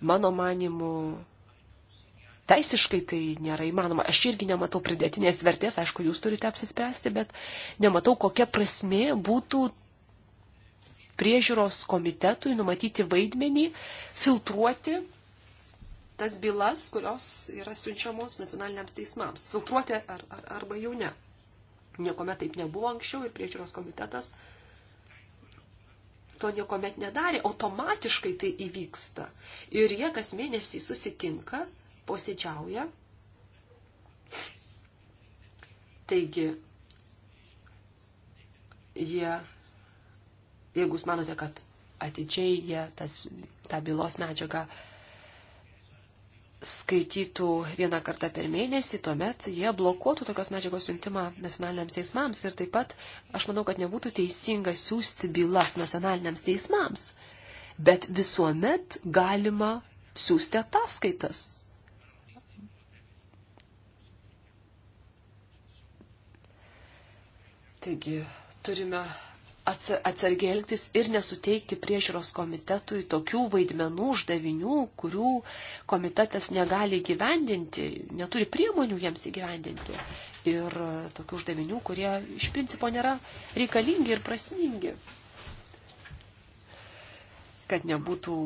Mano manimu, teisiškai tai nėra įmanoma. Aš irgi nematau pridėtinės vertės, aišku, jūs turite apsispręsti, bet nematau, kokia prasmė būtų priežiūros komitetui numatyti vaidmenį, filtruoti tas bylas, kurios yra siunčiamos nacionaliniams teismams. Filtruoti ar, ar, arba jau ne. Niekuomet taip nebuvo anksčiau ir priežiūros komitetas to niekuomet nedarė. Automatiškai tai įvyksta. Ir jie kas mėnesį susitinka, posėdžiauja. Taigi, jie, jeigu jūs manote, kad atidžiai jie tas, tą bylos medžiagą skaitytų vieną kartą per mėnesį, tuomet jie blokuotų tokios medžiagos siuntimą nacionaliniams teismams ir taip pat aš manau, kad nebūtų teisinga siūsti bylas nacionaliniams teismams, bet visuomet galima siūsti ataskaitas. Taigi turime atsargiai elgtis ir nesuteikti priežiūros komitetui tokių vaidmenų, uždavinių, kurių komitetas negali gyvendinti, neturi priemonių jiems įgyvendinti. Ir tokių uždavinių, kurie iš principo nėra reikalingi ir prasmingi. Kad nebūtų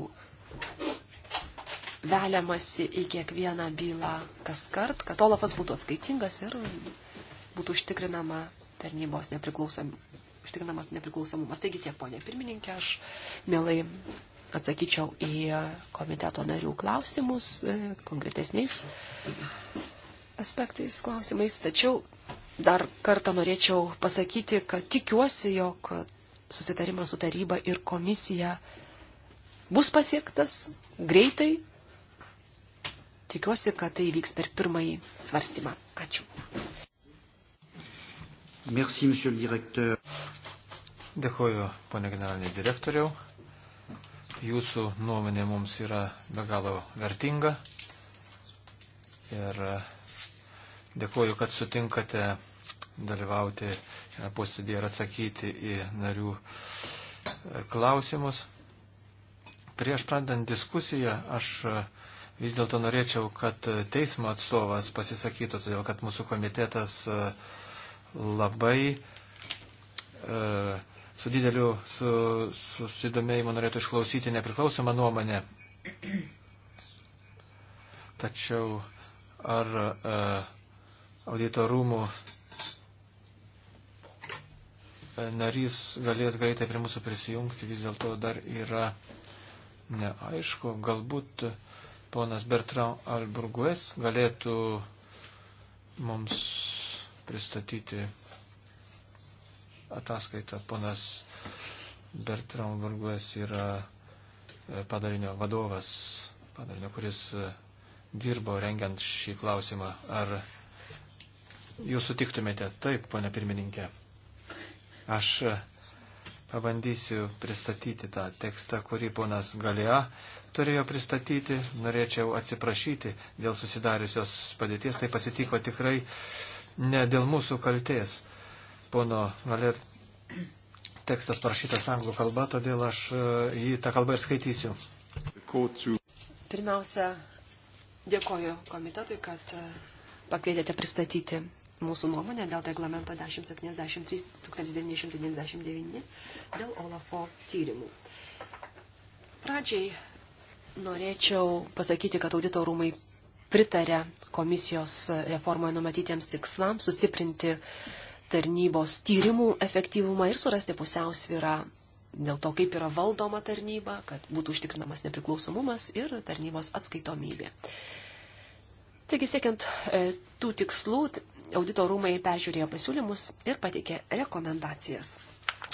veliamasi į kiekvieną bylą kas kart, kad Olafas būtų atskaitingas ir būtų užtikrinama tarnybos nepriklausom, užtikrinamas nepriklausomumas. Taigi tiek, ponė pirmininkė, aš mielai atsakyčiau į komiteto narių klausimus, e, konkretesniais aspektais klausimais. Tačiau dar kartą norėčiau pasakyti, kad tikiuosi, jog susitarimas su taryba ir komisija bus pasiektas greitai. Tikiuosi, kad tai vyks per pirmąjį svarstymą. Ačiū. Merci, Dėkuoju, ponė generalinė direktoriau. Jūsų nuomonė mums yra be galo vertinga. Ir e, dėkuoju, kad sutinkate dalyvauti šiame posėdėje ir atsakyti į narių e, klausimus. Prieš pradant diskusiją aš e, vis dėlto norėčiau, kad teismo atstovas pasisakytų, todėl kad mūsų komitetas labai e, su dideliu su, susidomėjimu norėtų išklausyti nepriklausomą nuomonę. Tačiau ar e, auditorumų e, narys galės greitai prie mūsų prisijungti, vis dėlto dar yra neaišku. Galbūt ponas Bertrand Alburgues galėtų mums pristatyti ataskaitą. Ponas Bertram Burgues yra e, padalinio vadovas, padalinio, kuris e, dirbo rengiant šį klausimą. Ar jūs sutiktumėte? Taip, ponia pirmininkė. Aš e, pabandysiu pristatyti tą tekstą, kurį ponas Galea turėjo pristatyti. Norėčiau atsiprašyti dėl susidariusios padėties. Tai pasitiko tikrai ne dėl mūsų kalties pono Valer tekstas parašytas anglų kalba, todėl aš e, jį tą kalbą ir skaitysiu. Pirmiausia, dėkoju komitetui, kad e, pakvietėte pristatyti mūsų nuomonę dėl reglamento 1073-1999 dėl Olafo tyrimų. Pradžiai norėčiau pasakyti, kad audito rūmai pritarė komisijos reformoje numatytiems tikslams sustiprinti uh, tarnybos tyrimų efektyvumą ir surasti pusiausvyrą dėl to, kaip yra valdoma tarnyba, kad būtų užtikrinamas nepriklausomumas ir tarnybos atskaitomybė. Taigi, siekiant e, tų tikslų, audito rūmai peržiūrėjo pasiūlymus ir pateikė rekomendacijas.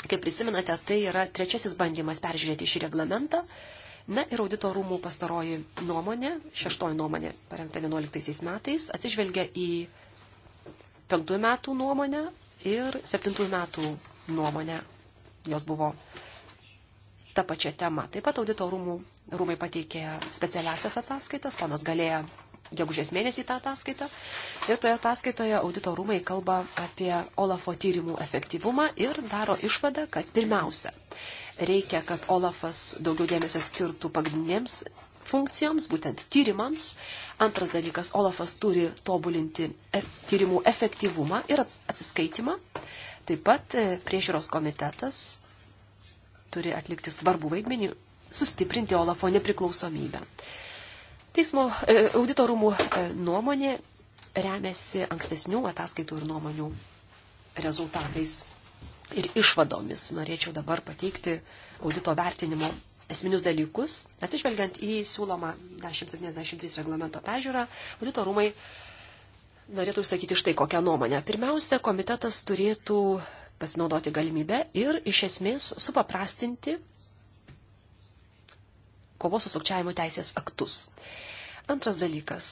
Kaip prisiminate, tai yra trečiasis bandymas peržiūrėti šį reglamentą. Na ir audito rūmų pastaroji nuomonė, šeštoji nuomonė, parengta 11 metais, atsižvelgia į penktųjų metų nuomonę ir septintųjų metų nuomonę. Jos buvo ta pačia tema. Taip pat audito rūmų, rūmai pateikė specialiasias ataskaitas, ponas galėjo gegužės mėnesį tą ataskaitą. Ir toje ataskaitoje audito rūmai kalba apie Olafo tyrimų efektyvumą ir daro išvadą, kad pirmiausia, reikia, kad Olafas daugiau dėmesio skirtų pagrindinėms funkcijoms, būtent tyrimams. Antras dalykas, Olafas turi tobulinti e, tyrimų efektyvumą ir atsiskaitimą. Taip pat e, priežiūros komitetas turi atlikti svarbų vaidmenį, sustiprinti Olafo nepriklausomybę. Teismo e, auditorumų nuomonė remiasi ankstesnių ataskaitų ir nuomonių rezultatais ir išvadomis. Norėčiau dabar pateikti audito vertinimo esminius dalykus, atsižvelgiant į siūlomą 1073 reglamento pežiūrą, audito rūmai norėtų užsakyti štai kokią nuomonę. Pirmiausia, komitetas turėtų pasinaudoti galimybę ir iš esmės supaprastinti kovos su sukčiavimo teisės aktus. Antras dalykas.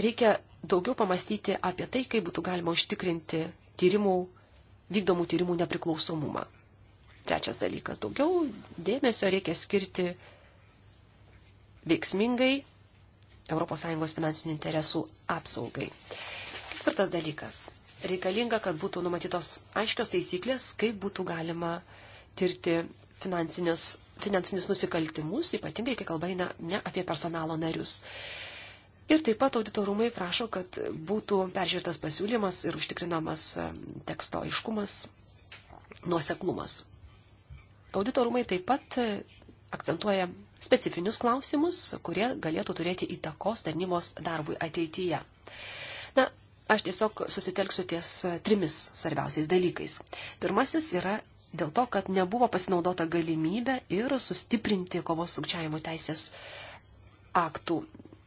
Reikia daugiau pamastyti apie tai, kaip būtų galima užtikrinti tyrimų, vykdomų tyrimų nepriklausomumą. Trečias dalykas - daugiau dėmesio reikia skirti veiksmingai ES finansinių interesų apsaugai. Ketvirtas dalykas - reikalinga, kad būtų numatytos aiškios taisyklės, kaip būtų galima tirti finansinius, finansinius nusikaltimus, ypatingai, kai kalba eina ne apie personalo narius. Ir taip pat auditorumai prašo, kad būtų peržiūrėtas pasiūlymas ir užtikrinamas e, teksto aiškumas, nuoseklumas. Auditorumai taip pat e, akcentuoja specifinius klausimus, kurie galėtų turėti įtakos tarnybos darbui ateityje. Na, aš tiesiog susitelksiu ties e, trimis svarbiausiais dalykais. Pirmasis yra dėl to, kad nebuvo pasinaudota galimybė ir sustiprinti kovos sukčiavimo teisės aktų.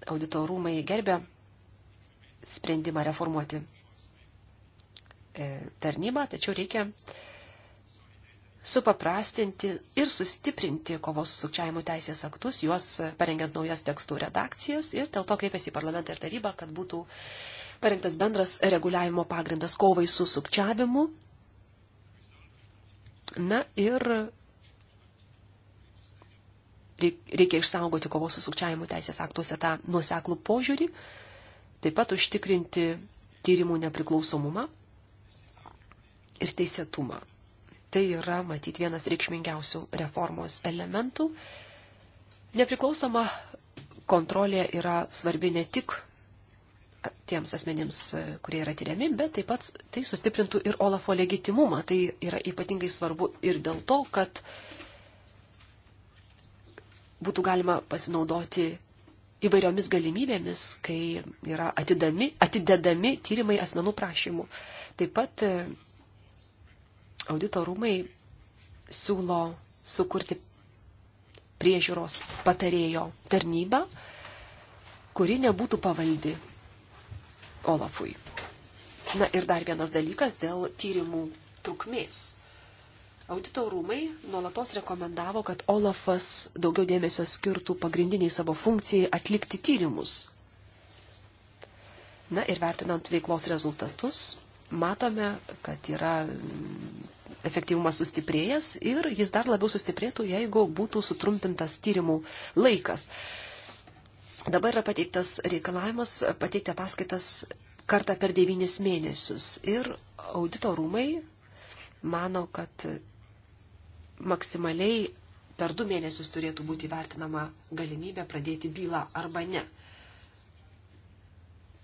Auditorumai gerbė sprendimą reformuoti e, tarnybą, tačiau reikia supaprastinti ir sustiprinti kovos su sukčiavimu teisės aktus, juos parengiant naujas tekstų redakcijas ir dėl to kreipėsi į parlamentą ir tarybą, kad būtų parengtas bendras reguliavimo pagrindas kovai su sukčiavimu. Na ir reikia išsaugoti kovos su sukčiavimu teisės aktuose tą nuoseklų požiūrį, taip pat užtikrinti tyrimų nepriklausomumą ir teisėtumą. Tai yra, matyt, vienas reikšmingiausių reformos elementų. Nepriklausoma kontrolė yra svarbi ne tik tiems asmenims, kurie yra tyriami, bet taip pat tai sustiprintų ir Olafo legitimumą. Tai yra ypatingai svarbu ir dėl to, kad būtų galima pasinaudoti įvairiomis galimybėmis, kai yra atidami, atidedami tyrimai asmenų prašymų. Taip pat audito rūmai siūlo sukurti priežiūros patarėjo tarnybą, kuri nebūtų pavaldi Olafui. Na ir dar vienas dalykas dėl tyrimų trukmės. Audito rūmai nuolatos rekomendavo, kad Olafas daugiau dėmesio skirtų pagrindiniai savo funkcijai atlikti tyrimus. Na ir vertinant veiklos rezultatus, matome, kad yra efektyvumas sustiprėjęs ir jis dar labiau sustiprėtų, jeigu būtų sutrumpintas tyrimų laikas. Dabar yra pateiktas reikalavimas pateikti ataskaitas kartą per devynis mėnesius. Ir audito rūmai mano, kad maksimaliai per du mėnesius turėtų būti vertinama galimybė pradėti bylą arba ne.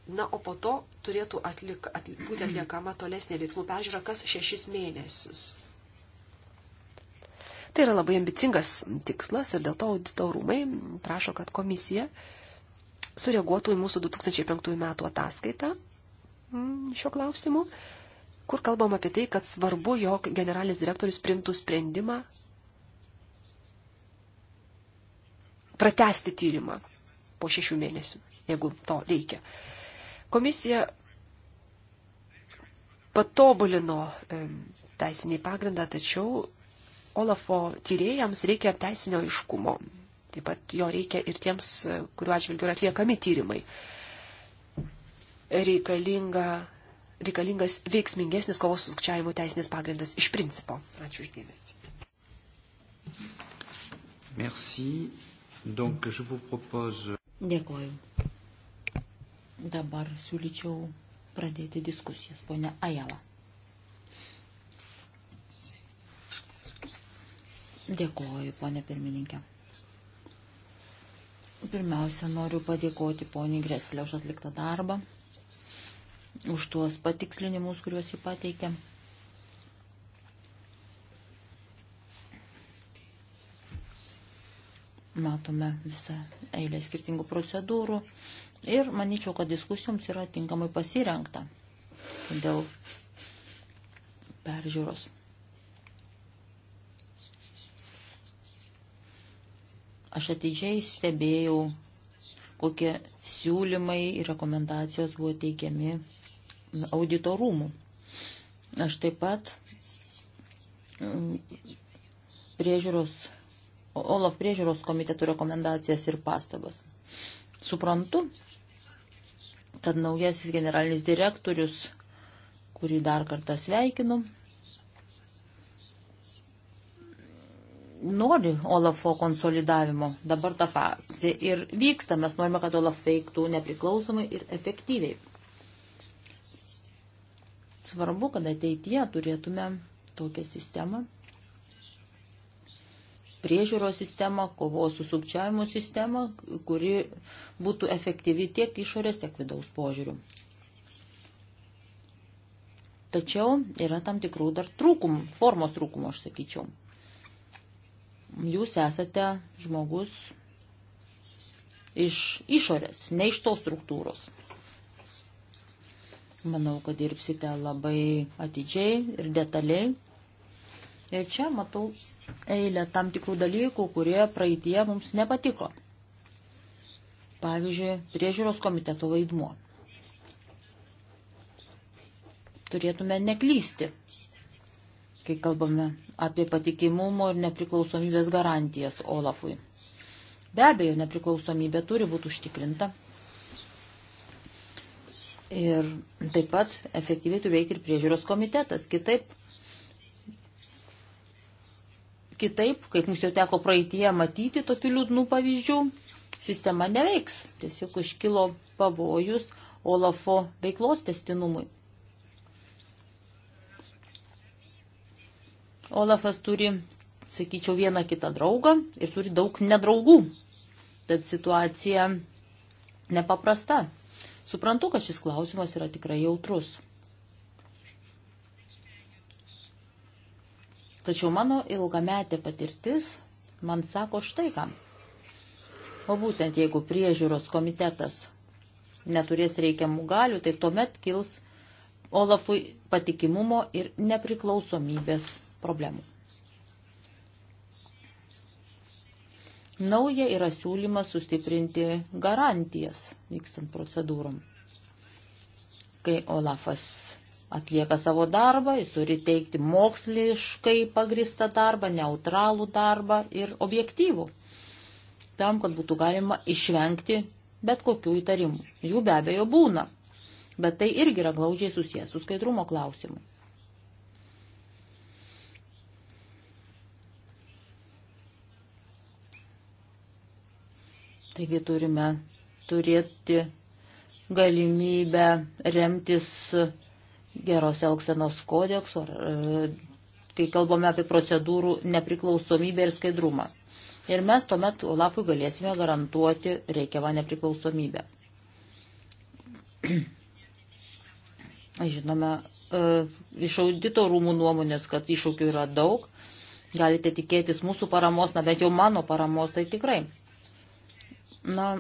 Na, o po to turėtų atlik, at, būti <clears throat> atliekama tolesnė veiksmų peržiūra kas šešis mėnesius. Tai yra labai ambicingas tikslas ir dėl to audito rūmai prašo, kad komisija sureaguotų į mūsų 2005 metų ataskaitą mm, šiuo klausimu, kur kalbam apie tai, kad svarbu, jog generalinis direktorius primtų sprendimą pratesti tyrimą po šešių mėnesių, jeigu to reikia. Komisija patobulino teisinį pagrindą, tačiau Olafo tyrėjams reikia teisinio iškumo. Taip pat jo reikia ir tiems, e, kuriuo atžvilgiu yra atliekami tyrimai. Reikalinga, reikalingas veiksmingesnis kovos su skčiavimu teisinės pagrindas iš principo. Ačiū uždėmesi. Merci. Donc, je vous propose... Dėkuoju. Dabar siūlyčiau pradėti diskusijas, ponia Ajala. Dėkuoju, ponė pirmininkė. Pirmiausia, noriu padėkoti poniai Greslė už atliktą darbą, už tuos patikslinimus, kuriuos jį pateikė. Matome visą eilę skirtingų procedūrų, Ir manyčiau, kad diskusijoms yra tinkamai pasirengta dėl peržiūros. Aš ateidžiai stebėjau, kokie siūlymai ir rekomendacijos buvo teikiami auditorumų. Aš taip pat mm, priežiūros, Olaf priežiūros komitetų rekomendacijas ir pastabas. Suprantu, kad naujasis generalinis direktorius, kurį dar kartą sveikinu, nori Olafo konsolidavimo. Dabar tą patį ir vyksta. Mes norime, kad Olaf veiktų nepriklausomai ir efektyviai. Svarbu, kad ateityje turėtume tokią sistemą, priežiūros sistemą, kovos su sukčiavimu sistemą, kuri būtų efektyvi tiek išorės, tiek vidaus požiūrių. Tačiau yra tam tikrų dar trūkumų, formos trūkumų, aš sakyčiau. Jūs esate žmogus iš išorės, ne iš tos struktūros. Manau, kad dirbsite labai atidžiai ir detaliai. Ir čia matau eilę tam tikrų dalykų, kurie praeitie mums nepatiko. Pavyzdžiui, priežiūros komiteto vaidmuo. Turėtume neklysti, kai kalbame apie patikimumo ir nepriklausomybės garantijas Olafui. Be abejo, nepriklausomybė turi būti užtikrinta. Ir taip pat efektyviai turi veikti ir priežiūros komitetas. Kitaip Kitaip, kaip mums jau teko praeitie matyti tokių liūdnų pavyzdžių, sistema neveiks. Tiesiog iškilo pavojus Olafo veiklos testinumui. Olafas turi, sakyčiau, vieną kitą draugą ir turi daug nedraugų. Tad situacija nepaprasta. Suprantu, kad šis klausimas yra tikrai jautrus. Tačiau mano ilgametė patirtis man sako štai kam. O būtent jeigu priežiūros komitetas neturės reikiamų galių, tai tuomet kils Olafui patikimumo ir nepriklausomybės problemų. Nauja yra siūlymas sustiprinti garantijas vykstant procedūrom. Kai Olafas atlieka savo darbą, jis turi teikti moksliškai pagristą darbą, neutralų darbą ir objektyvų, tam, kad būtų galima išvengti bet kokių įtarimų. Jų be abejo būna, bet tai irgi yra glaudžiai susijęs su skaidrumo klausimu. Taigi turime turėti galimybę remtis geros elgsenos kodeksų, ar, e, kai kalbame apie procedūrų nepriklausomybę ir skaidrumą. Ir mes tuomet Olafui galėsime garantuoti reikiamą nepriklausomybę. <clears throat> Žinome, e, iš audito rūmų nuomonės, kad iššūkių yra daug, galite tikėtis mūsų paramos, na bet jau mano paramos, tai tikrai. Na,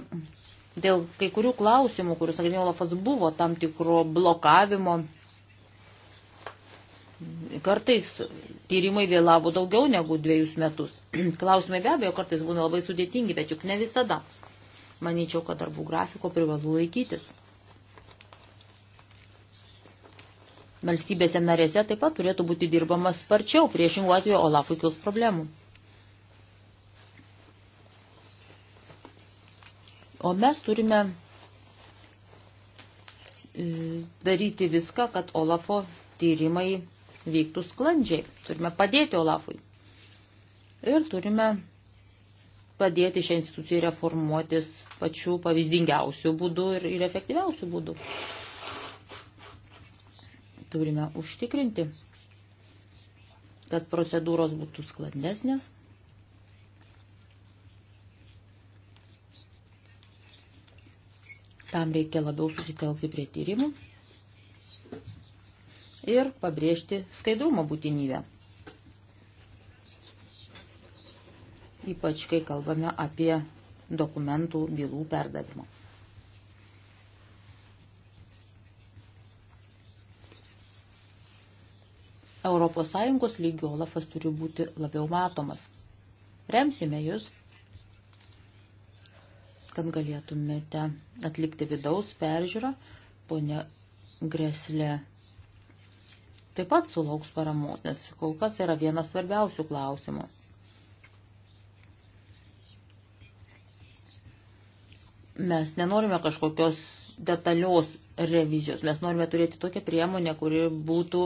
dėl kai kurių klausimų, kuriuos nagrinėjo Olafas, buvo tam tikro blokavimo Kartais tyrimai vėlavo daugiau negu dviejus metus. <clears throat> Klausimai be abejo kartais būna labai sudėtingi, bet juk ne visada. Manyčiau, kad darbų grafiko privalu laikytis. Valstybėse narėse taip pat turėtų būti dirbama sparčiau, priešingų atveju Olafui kils problemų. O mes turime e, daryti viską, kad Olafo tyrimai vyktų sklandžiai. Turime padėti Olafui. Ir turime padėti šią instituciją reformuotis pačių pavyzdingiausių būdų ir, ir efektyviausių būdų. Turime užtikrinti, kad procedūros būtų sklandesnės. Tam reikia labiau susitelkti prie tyrimų ir pabrėžti skaidrumo būtinybę. Ypač kai kalbame apie dokumentų bylų perdavimą. ES lygių Olafas turi būti labiau matomas. Remsime jūs, kad galėtumėte atlikti vidaus peržiūrą. Pone Greslė taip pat sulauks paramos, nes kol kas yra vienas svarbiausių klausimų. Mes nenorime kažkokios detalios revizijos, mes norime turėti tokią priemonę, kuri būtų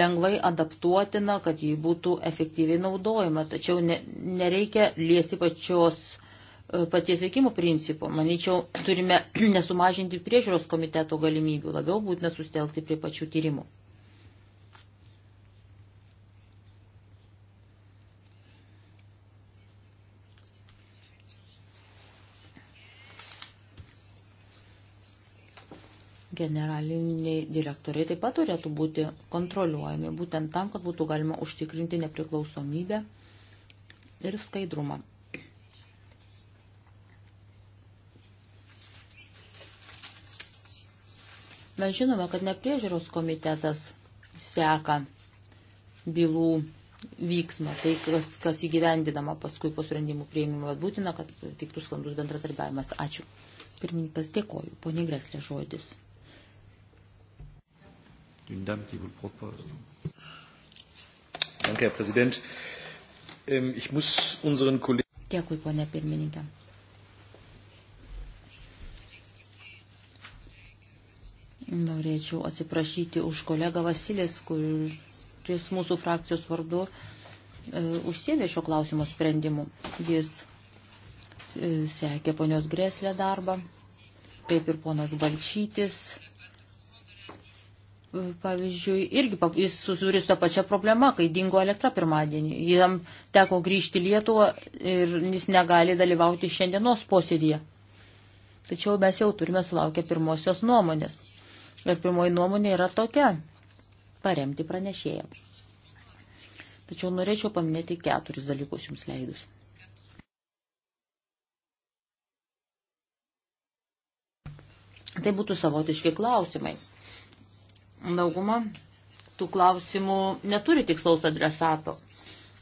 lengvai adaptuotina, kad ji būtų efektyviai naudojama, tačiau ne, nereikia liesti pačios e, paties veikimo principo. Manyčiau, turime <clears throat> nesumažinti priežiūros komiteto galimybių, labiau būtina sustelkti prie pačių tyrimų. generaliniai direktoriai taip pat turėtų būti kontroliuojami, būtent tam, kad būtų galima užtikrinti nepriklausomybę ir skaidrumą. Mes žinome, kad nepriežiūros komitetas seka bylų vyksmą, tai kas, kas įgyvendinama paskui po sprendimų prieimimo, bet būtina, kad vyktų sklandus bendradarbiavimas. Ačiū. Pirmininkas dėkoju. Pone Greslė žodis d'une dame qui vous le propose. Danke, Herr Präsident. Ähm, ich muss unseren Kollegen. Dėkui, ponė pirmininkė. Norėčiau atsiprašyti už kolegą Vasilės, kuris mūsų frakcijos vardu e, užsėmė šio klausimo sprendimu. Jis e, sekė ponios Greslė darbą, kaip ir ponas Balčytis pavyzdžiui, irgi jis susidūrė su tą pačią problemą, kai dingo elektra pirmadienį. Jam teko grįžti į Lietuvą ir jis negali dalyvauti šiandienos posėdėje. Tačiau mes jau turime sulaukę pirmosios nuomonės. Ir pirmoji nuomonė yra tokia - paremti pranešėją. Tačiau norėčiau paminėti keturis dalykus jums leidus. Tai būtų savotiški klausimai dauguma tų klausimų neturi tikslaus adresato.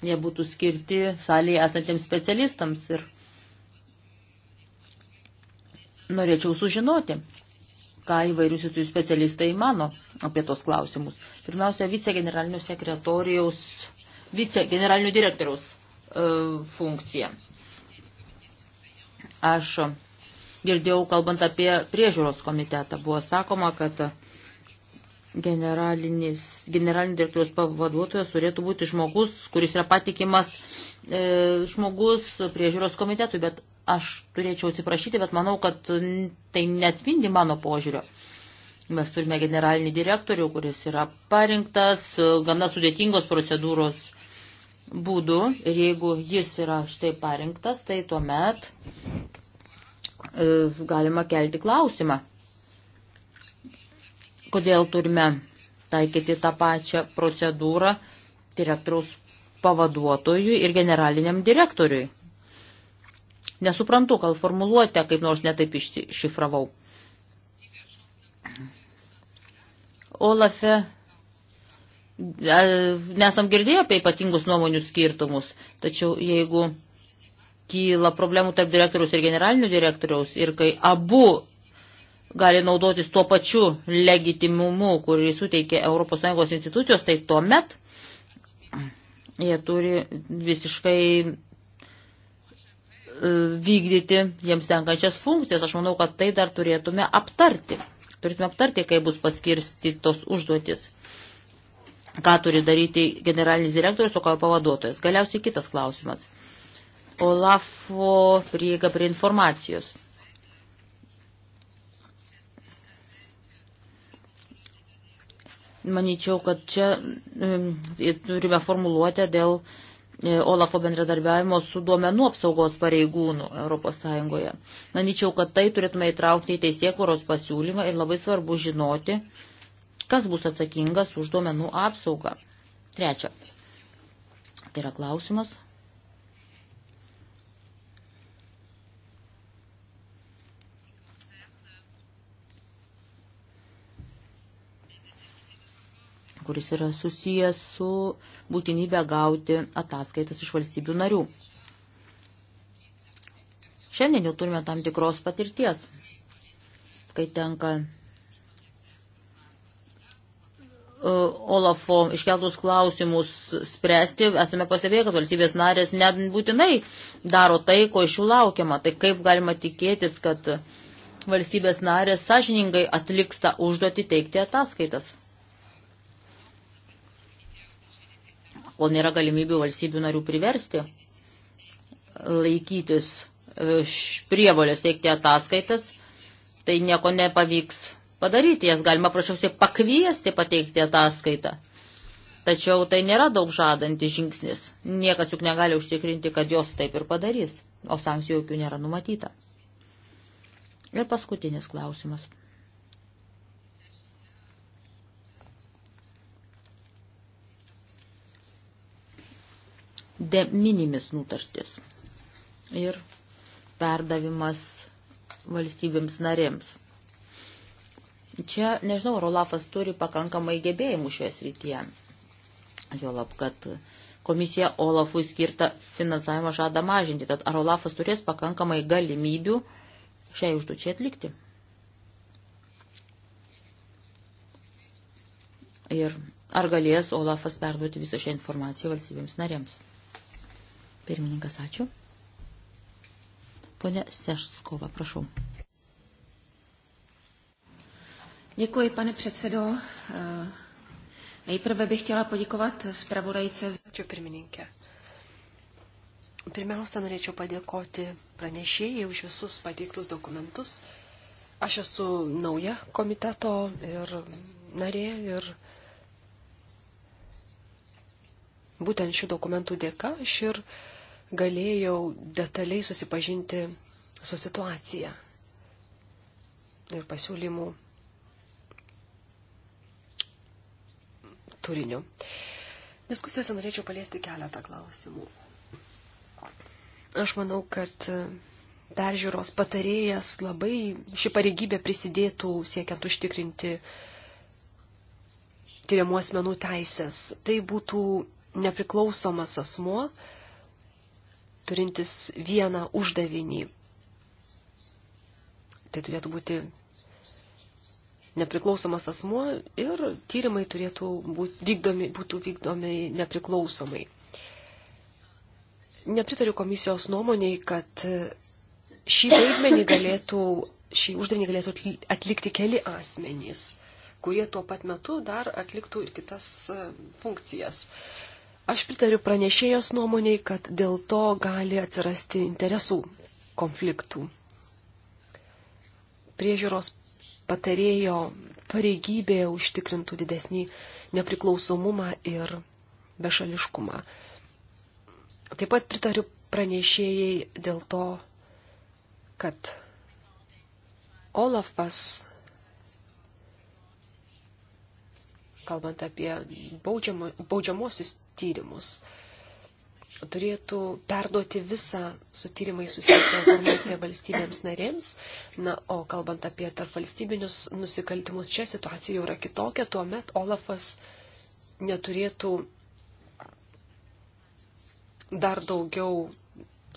Jie būtų skirti salėje esantiems specialistams ir norėčiau sužinoti, ką įvairių situacijų specialistai mano apie tos klausimus. Pirmiausia, vicegeneralinio sekretoriaus, vicegeneralinio direktoriaus e, funkcija. Aš girdėjau, kalbant apie priežiūros komitetą, buvo sakoma, kad generalinis, generalinio direktoriaus pavaduotojas turėtų būti žmogus, kuris yra patikimas e, žmogus priežiūros komitetui, bet aš turėčiau atsiprašyti, bet manau, kad tai neatspindi mano požiūrio. Mes turime generalinį direktorių, kuris yra parinktas e, gana sudėtingos procedūros būdu ir jeigu jis yra štai parinktas, tai tuomet e, galima kelti klausimą kodėl turime taikyti tą pačią procedūrą direktoriaus pavaduotojui ir generaliniam direktoriui. Nesuprantu, gal formuluotę kaip nors netaip iššifravau. Olafe nesam girdėję apie ypatingus nuomonių skirtumus, tačiau jeigu kyla problemų tarp direktoriaus ir generalinio direktoriaus ir kai abu gali naudotis tuo pačiu legitimumu, kurį suteikia ES institucijos, tai tuomet jie turi visiškai e, vykdyti jiems tenkančias funkcijas. Aš manau, kad tai dar turėtume aptarti. Turėtume aptarti, kai bus paskirsti tos užduotis. Ką turi daryti generalinis direktorius, o ką pavaduotojas. Galiausiai kitas klausimas. Olafo prieiga prie informacijos. manyčiau, kad čia turime formuluotę dėl e, Olafo bendradarbiavimo su duomenų apsaugos pareigūnų ES. Manyčiau, kad tai turėtume įtraukti į teisėkuros pasiūlymą ir labai svarbu žinoti, kas bus atsakingas už duomenų apsaugą. Trečia. Tai yra klausimas, kuris yra susijęs su būtinybė gauti ataskaitas iš valstybių narių. Šiandien jau turime tam tikros patirties, kai tenka e, Olafo iškeltus klausimus spręsti, esame pastebėję, kad valstybės narės nebūtinai daro tai, ko iš jų laukiama. Tai kaip galima tikėtis, kad valstybės narės sąžiningai atliks tą užduotį teikti ataskaitas? kol nėra galimybių valstybių narių priversti laikytis e, prievolės teikti ataskaitas, tai nieko nepavyks padaryti. Jas galima prašiausiai pakviesti pateikti ataskaitą. Tačiau tai nėra daug žadantis žingsnis. Niekas juk negali užtikrinti, kad jos taip ir padarys, o sankcijų jokių nėra numatyta. Ir paskutinis klausimas. de minimis nutartis ir perdavimas valstybėms narėms. Čia, nežinau, Rolafas turi pakankamai gebėjimų šioje srityje. Jolab, kad komisija Olafui skirtą finansavimą žada mažinti, tad ar Olafas turės pakankamai galimybių šiai užduočiai atlikti. Ir ar galės Olafas perduoti visą šią informaciją valstybėms narėms. Pirmininkas, ačiū. Pone Sešskova, prašau. Děkuji, pane předsedo. Nejprve bych chtěla poděkovat zpravodajce. Ačiū, pirmininkė. Pirmiausia, norėčiau padėkoti pranešėjai už visus pateiktus dokumentus. Aš esu nauja komiteto ir narė ir būtent šių dokumentų dėka aš ir uh, galėjau detaliai susipažinti su situacija ir pasiūlymų turiniu. Diskusijose norėčiau paliesti keletą klausimų. Aš manau, kad peržiūros patarėjas labai ši pareigybė prisidėtų siekiant užtikrinti tyriamų asmenų teisės. Tai būtų nepriklausomas asmuo, turintis vieną uždavinį. Tai turėtų būti nepriklausomas asmuo ir tyrimai turėtų būti vykdomi, būtų vykdomi nepriklausomai. Nepritariu komisijos nuomoniai, kad šį vaidmenį galėtų, šį uždavinį galėtų atlikti keli asmenys, kurie tuo pat metu dar atliktų ir kitas e, funkcijas. Aš pritariu pranešėjos nuomoniai, kad dėl to gali atsirasti interesų konfliktų. Priežiūros patarėjo pareigybė užtikrintų didesnį nepriklausomumą ir bešališkumą. Taip pat pritariu pranešėjai dėl to, kad Olafas, kalbant apie baudžiamo, baudžiamosius tyrimus. Turėtų perduoti visą su tyrimai susijusią informaciją valstybėms narėms. Na, o kalbant apie tarpvalstybinius nusikaltimus, čia situacija jau yra kitokia. Tuomet Olafas neturėtų dar daugiau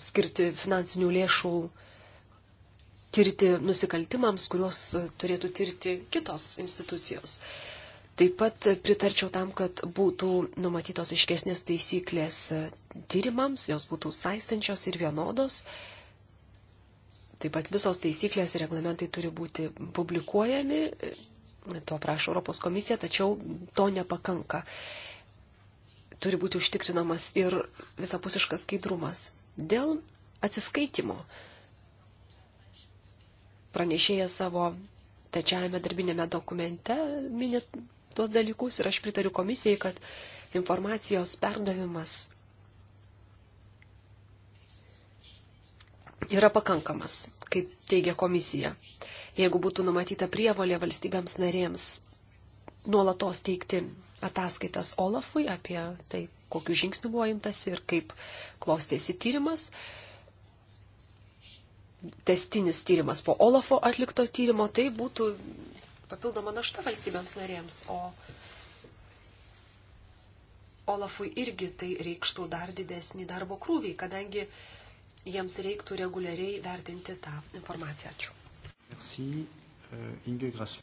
skirti finansinių lėšų tirti nusikaltimams, kuriuos turėtų tirti kitos institucijos. Taip pat pritarčiau tam, kad būtų numatytos aiškesnės taisyklės tyrimams, jos būtų saistančios ir vienodos. Taip pat visos taisyklės ir reglamentai turi būti publikuojami, to prašo Europos komisija, tačiau to nepakanka. Turi būti užtikrinamas ir visapusiškas skaidrumas. Dėl atsiskaitimo pranešėjas savo trečiajame darbinėme dokumente mini tuos dalykus ir aš pritariu komisijai, kad informacijos perdavimas yra pakankamas, kaip teigia komisija. Jeigu būtų numatyta prievolė valstybėms narėms nuolatos teikti ataskaitas Olafui apie tai, kokiu žingsniu buvo imtas ir kaip klostėsi tyrimas, testinis tyrimas po Olafo atlikto tyrimo, tai būtų papildoma našta valstybėms narėms, o Olafui irgi tai reikštų dar didesnį darbo krūvį, kadangi jiems reiktų reguliariai vertinti tą informaciją. Ačiū. Merci, uh, Inge Grasle.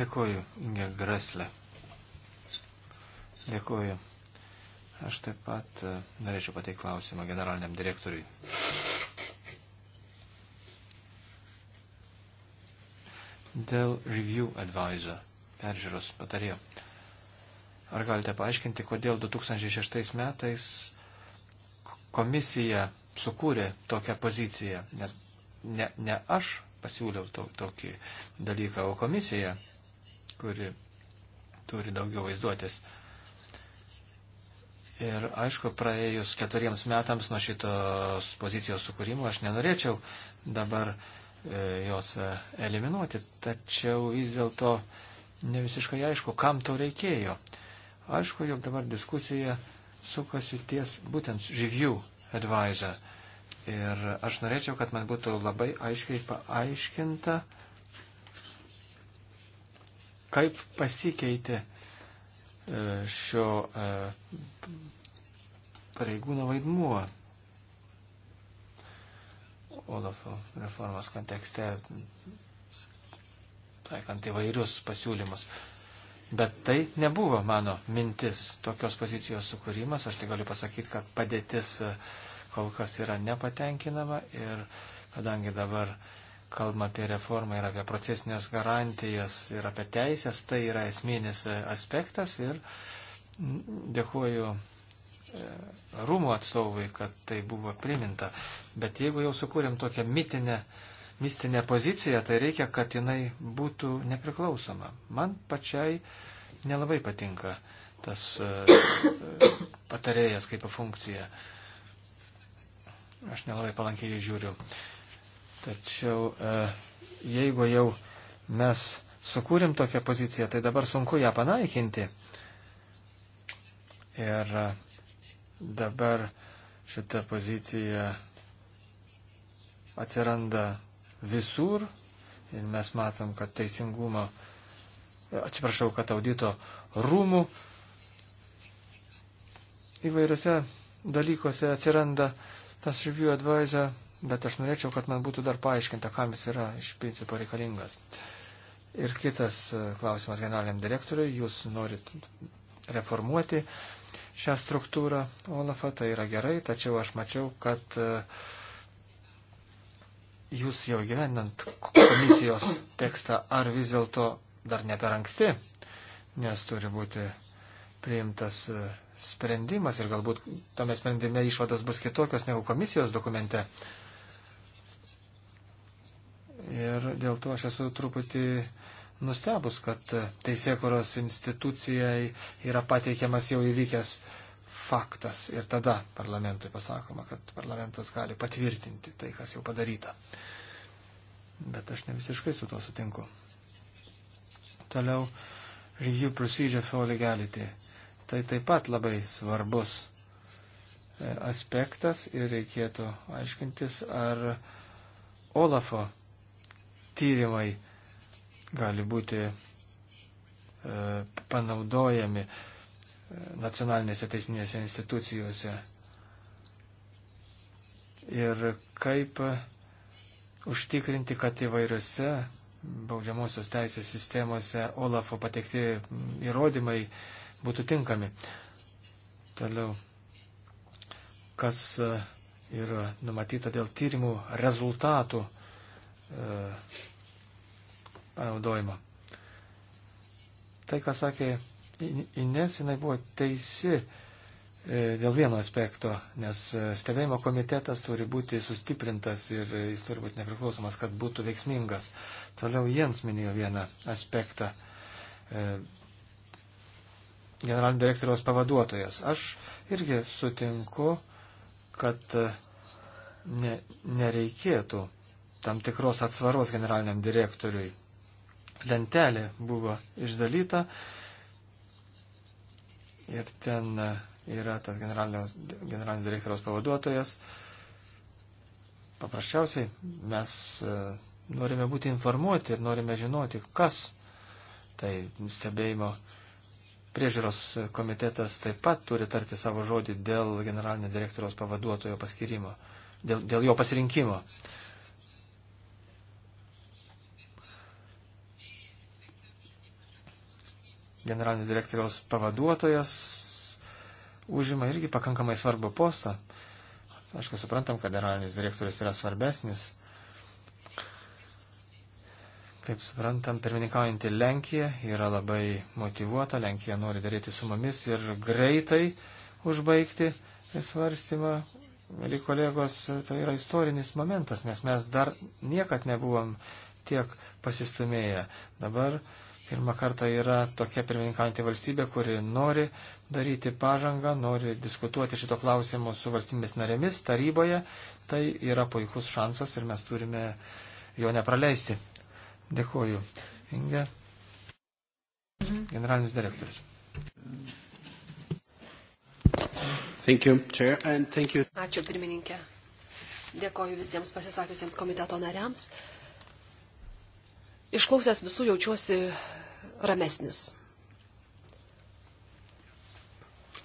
Dėkuoju, Inge Grasle. Dėkuoju. Aš taip pat uh, norėčiau pateikti klausimą generaliniam direktoriui. dėl review advisor, peržiūros patarėjo. Ar galite paaiškinti, kodėl 2006 metais komisija sukūrė tokią poziciją? Nes ne, ne aš pasiūliau to, tokį dalyką, o komisija, kuri turi daugiau vaizduotės. Ir aišku, praėjus keturiems metams nuo šitos pozicijos sukūrimo aš nenorėčiau dabar uh, E, jos e, eliminuoti, tačiau vis dėlto ne visiškai aišku, kam to reikėjo. Aišku, jog dabar diskusija sukasi ties būtent review advisor. Ir aš norėčiau, kad man būtų labai aiškiai paaiškinta, kaip pasikeitė e, šio pareigūno vaidmuo Olafo reformos kontekste, taikant įvairius pasiūlymus. Bet tai nebuvo mano mintis tokios pozicijos sukūrimas. Aš tai galiu pasakyti, kad padėtis e, kol kas yra nepatenkinama ir kadangi dabar kalbama apie reformą ir apie procesinės garantijas ir apie teisės, tai yra esminis e, aspektas ir dėkuoju E, rūmų atstovui, kad tai buvo priminta. Bet jeigu jau sukūrėm tokią mitinę, mistinę poziciją, tai reikia, kad jinai būtų nepriklausoma. Man pačiai nelabai patinka tas e, e, patarėjas kaip funkcija. Aš nelabai palankiai žiūriu. Tačiau jeigu jau mes sukūrim tokią poziciją, tai dabar sunku ją panaikinti. Ir Dabar šita pozicija atsiranda visur ir mes matom, kad teisingumo, atsiprašau, kad audito rūmų įvairiose dalykuose atsiranda tas review advisor, bet aš norėčiau, kad man būtų dar paaiškinta, kam jis yra iš principo reikalingas. Ir kitas e, klausimas generaliniam direktoriui, jūs norit reformuoti šią struktūrą Olafą, tai yra gerai, tačiau aš mačiau, kad e, jūs jau gyvenant komisijos tekstą, ar vis dėlto dar ne per anksti, nes turi būti priimtas e, sprendimas ir galbūt tame sprendime išvados bus kitokios negu komisijos dokumente. Ir dėl to aš esu truputį nustebus, kad teisėkuros institucijai yra pateikiamas jau įvykęs faktas ir tada parlamentui pasakoma, kad parlamentas gali patvirtinti tai, kas jau padaryta. Bet aš ne visiškai su to sutinku. Toliau, review procedure for legality. Tai taip pat labai svarbus e, aspektas ir reikėtų aiškintis, ar Olafo tyrimai gali būti e, panaudojami e, nacionalinėse teisminėse institucijose. Ir kaip užtikrinti, kad įvairiose baudžiamosios teisės sistemose Olafo patekti įrodymai būtų tinkami. Toliau, kas e, yra numatyta dėl tyrimų rezultatų panaudojimą. Tai, ką sakė Ines, jinai buvo teisi e, dėl vieno aspekto, nes e, stebėjimo komitetas turi būti sustiprintas ir jis turi būti nepriklausomas, kad būtų veiksmingas. Toliau Jens minėjo vieną aspektą. E, generalinio direktoriaus pavaduotojas. Aš irgi sutinku, kad ne, nereikėtų tam tikros atsvaros generaliniam direktoriui lentelė buvo išdalyta ir ten yra tas generalinio, generalinio direktoriaus pavaduotojas. Paprasčiausiai mes e, norime būti informuoti ir norime žinoti, kas tai stebėjimo priežiūros komitetas taip pat turi tarti savo žodį dėl generalinio direktoriaus pavaduotojo paskirimo, dėl, dėl jo pasirinkimo. Uh, generalinio direktoriaus pavaduotojas užima irgi pakankamai svarbu postą. Aišku, suprantam, kad generalinis direktorius yra svarbesnis. Kaip suprantam, pirmininkaujantį Lenkiją yra labai motivuota, Lenkija nori daryti su mumis ir greitai užbaigti svarstymą. Mėly kolegos, tai yra istorinis momentas, nes mes dar niekad nebuvom tiek pasistumėję. Dabar uh, pirmą kartą yra tokia pirmininkaujanti valstybė, kuri nori daryti pažangą, nori diskutuoti šito klausimo su valstybės narėmis taryboje. Tai yra puikus šansas ir mes turime jo nepraleisti. Dėkuoju. Inge. Generalinis direktorius. Thank you, chair, and thank you. Ačiū pirmininkė. Dėkoju visiems pasisakiusiems komiteto nariams. Išklausęs visų jaučiuosi ramesnis.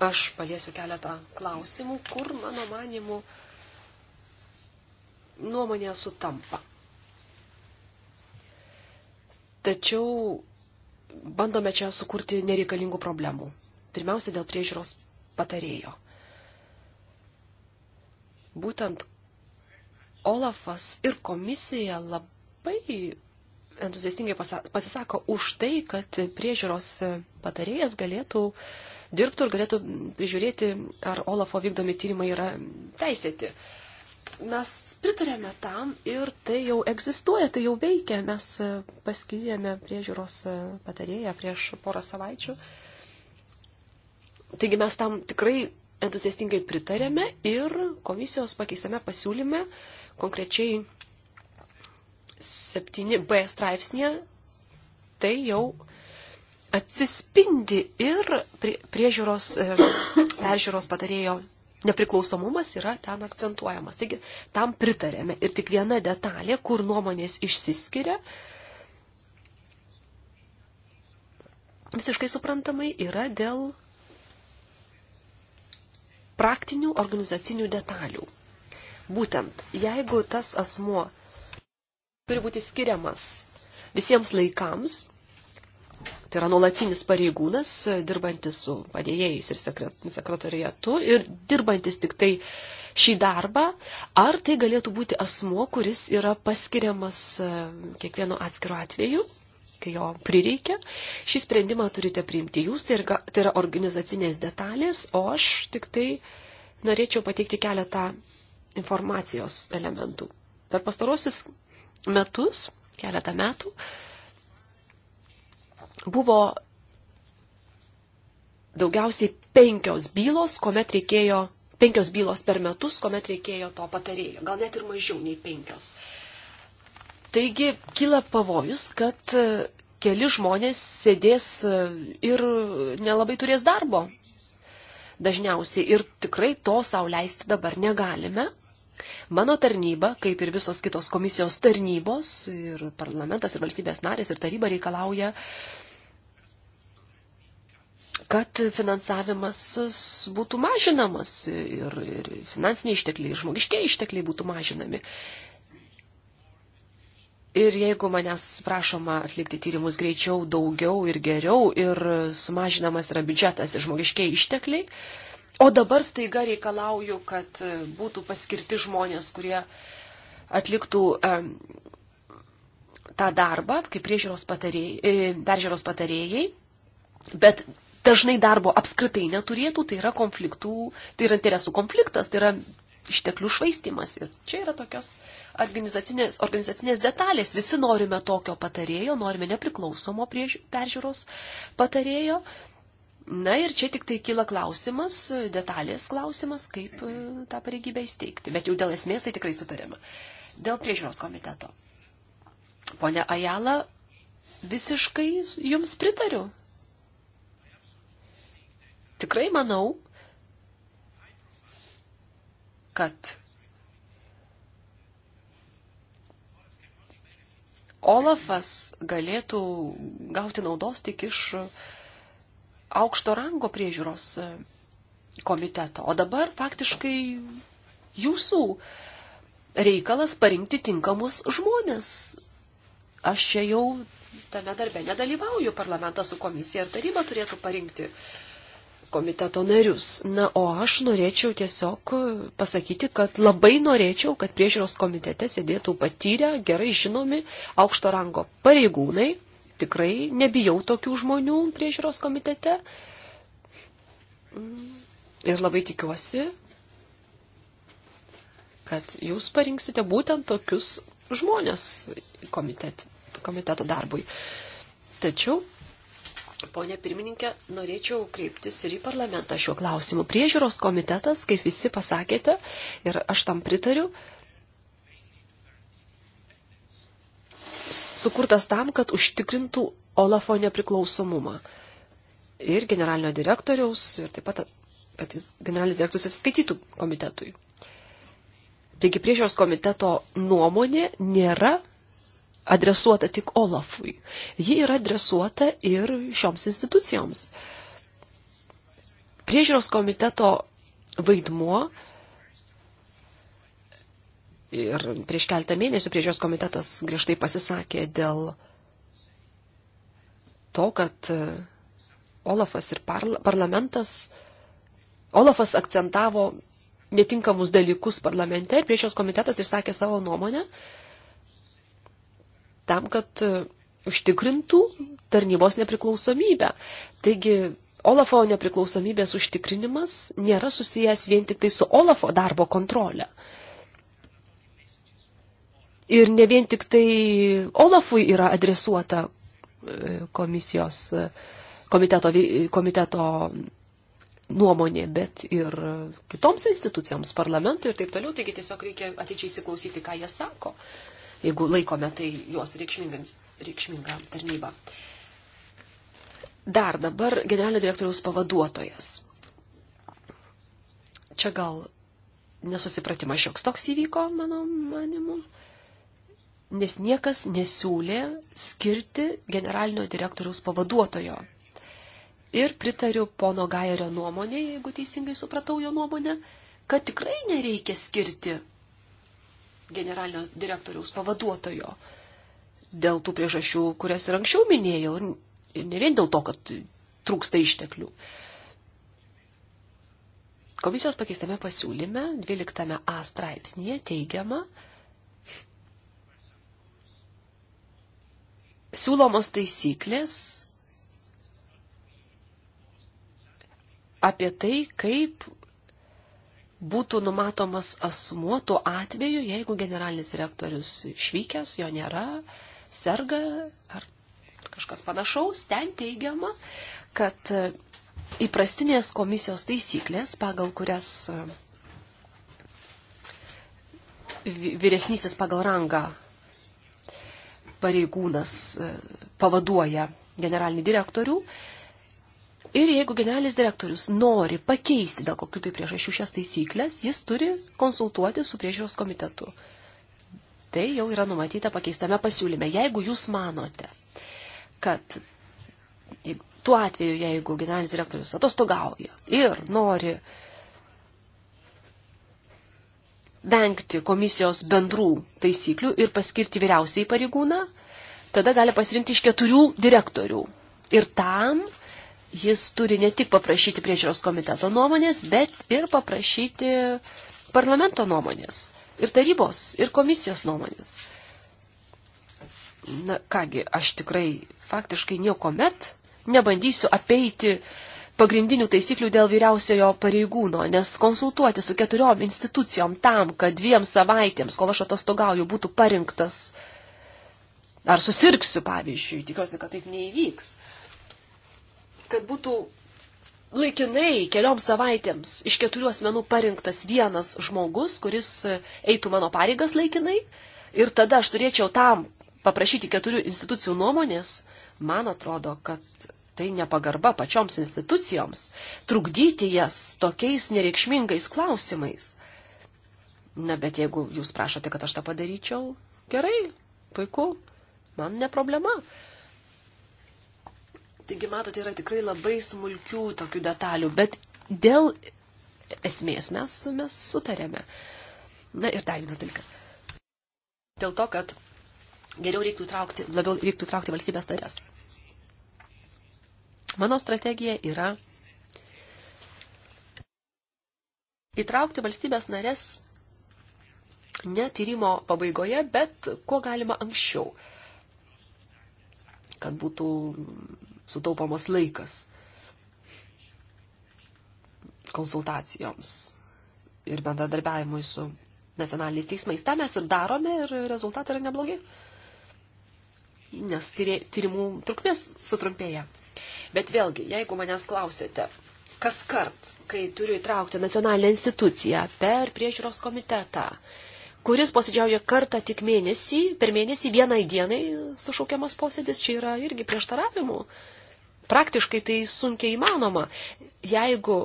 Aš paliesiu keletą klausimų, kur mano manimų nuomonė sutampa. Tačiau bandome čia sukurti nereikalingų problemų. Pirmiausia, dėl priežiūros patarėjo. Būtent Olafas ir komisija labai entuziastingai pasisako už tai, kad priežiūros patarėjas galėtų dirbtų ir galėtų prižiūrėti, ar Olafo vykdomi tyrimai yra teisėti. Mes pritarėme tam ir tai jau egzistuoja, tai jau veikia. Mes paskyrėme priežiūros patarėją prieš porą savaičių. Taigi mes tam tikrai entuziastingai pritarėme ir komisijos pakeistame pasiūlyme konkrečiai 7b straipsnėje tai jau atsispindi ir priežiūros, e, peržiūros patarėjo nepriklausomumas yra ten akcentuojamas. Taigi tam pritarėme. Ir tik viena detalė, kur nuomonės išsiskiria, visiškai suprantamai yra dėl praktinių organizacinių detalių. Būtent, jeigu tas asmuo turi būti skiriamas visiems laikams. Tai yra nuolatinis pareigūnas, e, dirbantis su padėjėjais ir sekretariatu ir dirbantis tik tai šį darbą. Ar tai galėtų būti asmo, kuris yra paskiriamas e, kiekvienu atskiru atveju, kai jo prireikia. Šį sprendimą turite priimti jūs, tai yra, tai yra organizacinės detalės, o aš tik tai norėčiau pateikti keletą informacijos elementų. Per pastarosius metus, keletą metų, buvo daugiausiai penkios bylos, kuomet reikėjo, penkios bylos per metus, kuomet reikėjo to patarėjo, gal net ir mažiau nei penkios. Taigi kyla pavojus, kad e, keli žmonės sėdės e, ir nelabai turės darbo. Dažniausiai ir tikrai to sauliaisti dabar negalime, Mano tarnyba, kaip ir visos kitos komisijos tarnybos, ir parlamentas, ir valstybės narės, ir taryba reikalauja, kad finansavimas būtų mažinamas ir, ir finansiniai ištekliai, ir žmogiškiai ištekliai būtų mažinami. Ir jeigu manęs prašoma atlikti tyrimus greičiau, daugiau ir geriau, ir sumažinamas yra biudžetas ir žmogiškiai ištekliai, O dabar staiga reikalauju, kad e, būtų paskirti žmonės, kurie atliktų um, tą darbą, kaip priežiūros patarėjai, e, peržiūros patarėjai, bet dažnai darbo apskritai neturėtų, tai yra konfliktų, tai yra interesų konfliktas, tai yra išteklių švaistimas. Ir čia yra tokios organizacinės, organizacinės detalės. Visi norime tokio patarėjo, norime nepriklausomo priež, peržiūros patarėjo, Na ir čia tik tai kyla klausimas, detalės klausimas, kaip e, tą pareigybę įsteigti. Bet jau dėl esmės tai tikrai sutarėme. Dėl priežiūros komiteto. Pone Ajala, visiškai jums pritariu. Tikrai manau, kad Olafas galėtų gauti naudos tik iš uh, aukšto rango priežiūros e, komiteto. O dabar faktiškai jūsų reikalas parinkti tinkamus žmonės. Aš čia jau tame darbe nedalyvauju, parlamentas su komisija ir taryba turėtų parinkti komiteto narius. Na, o aš norėčiau tiesiog pasakyti, kad labai norėčiau, kad priežiūros komitete sėdėtų patyrę, gerai žinomi aukšto rango pareigūnai, tikrai nebijau tokių žmonių priežiūros komitete. Ir labai tikiuosi, kad jūs parinksite būtent tokius žmonės komitet, komiteto darbui. Tačiau, ponė pirmininkė, norėčiau kreiptis ir į parlamentą šiuo klausimu. Priežiūros komitetas, kaip visi pasakėte, ir aš tam pritariu, uh, sukurtas tam, kad užtikrintų Olafo nepriklausomumą. Ir generalinio direktoriaus, ir taip pat, kad jis generalinis direktorius atsiskaitytų komitetui. Taigi priežiūros komiteto nuomonė nėra adresuota tik Olafui. Ji yra adresuota ir šioms institucijoms. Priežiūros komiteto vaidmuo Ir prieš keltą mėnesių priežios komitetas griežtai pasisakė dėl to, kad e, Olafas ir parla parlamentas, Olafas akcentavo netinkamus dalykus parlamente ir priešios komitetas išsakė savo nuomonę tam, kad e, užtikrintų tarnybos nepriklausomybę. Taigi Olafo nepriklausomybės užtikrinimas nėra susijęs vien tik tai su Olafo darbo kontrolė ir ne vien tik tai Olafui yra adresuota e, komisijos e, komiteto, komiteto nuomonė, bet ir kitoms institucijoms, parlamentui ir taip toliau. Taigi tiesiog reikia ateičiai įsiklausyti, ką jie sako, jeigu laikome tai juos reikšmingą tarnybą. Dar dabar generalinio direktoriaus pavaduotojas. Čia gal nesusipratimas šioks toks įvyko, mano manimu nes niekas nesiūlė skirti generalinio direktoriaus pavaduotojo. Ir pritariu pono Gairio nuomonė, jeigu teisingai supratau jo nuomonę, kad tikrai nereikia skirti generalinio direktoriaus pavaduotojo dėl tų priežasčių, kurias ir anksčiau minėjau, ir ne vien dėl to, kad trūksta išteklių. Komisijos pakeistame pasiūlyme 12a straipsnėje teigiama, siūlomos taisyklės apie tai, kaip būtų numatomas asmuo tuo atveju, jeigu generalinis direktorius išvykęs, jo nėra, serga ar kažkas panašaus, ten teigiama, kad e, įprastinės komisijos taisyklės, pagal kurias e, vyresnysis pagal rangą pareigūnas e, pavaduoja generalinį direktorių. Ir jeigu generalinis direktorius nori pakeisti dėl kokių tai priežasčių šias taisyklės, jis turi konsultuoti su priežiūros komitetu. Tai jau yra numatyta pakeistame pasiūlyme. Jeigu jūs manote, kad tuo atveju, jeigu generalinis direktorius atostogauja ir nori vengti komisijos bendrų taisyklių ir paskirti vyriausiai pareigūną, tada gali pasirinkti iš keturių direktorių. Ir tam jis turi ne tik paprašyti priežiūros komiteto nuomonės, bet ir paprašyti parlamento nuomonės, ir tarybos, ir komisijos nuomonės. Na kągi, aš tikrai faktiškai nieko met nebandysiu apeiti pagrindinių taisyklių dėl vyriausiojo pareigūno, nes konsultuoti su keturiom institucijom tam, kad dviem savaitėms, kol aš atostogauju, būtų parinktas uh, ar susirksiu, pavyzdžiui, tikiuosi, kad taip neįvyks. Kad būtų laikinai kelioms savaitėms iš keturių asmenų parinktas vienas žmogus, kuris eitų mano pareigas laikinai ir tada aš turėčiau tam paprašyti keturių institucijų nuomonės, man atrodo, kad tai nepagarba pačioms institucijoms, trukdyti jas tokiais nereikšmingais klausimais. Na, bet jeigu jūs prašote, kad aš tą padaryčiau, gerai, puiku man ne problema. Taigi, matote, yra tikrai labai smulkių tokių detalių, bet dėl esmės mes, mes sutarėme. Na ir dar vienas dalykas. Dėl to, kad geriau reiktų traukti, labiau reiktų traukti valstybės narės. Mano strategija yra įtraukti valstybės narės ne tyrimo pabaigoje, bet kuo galima anksčiau kad būtų sutaupamas laikas konsultacijoms ir bendradarbiavimui su nacionaliniais teismais. Ta mes ir darome ir rezultatai yra neblogi, nes tyrimų trukmės sutrumpėja. Bet vėlgi, jeigu manęs klausėte, kas kart, kai turiu įtraukti nacionalinę instituciją per priežiūros komitetą, kuris posėdžiauja kartą tik mėnesį, per mėnesį vienai dienai sušaukiamas posėdis, čia yra irgi prieštaravimų. Praktiškai tai sunkiai įmanoma. Jeigu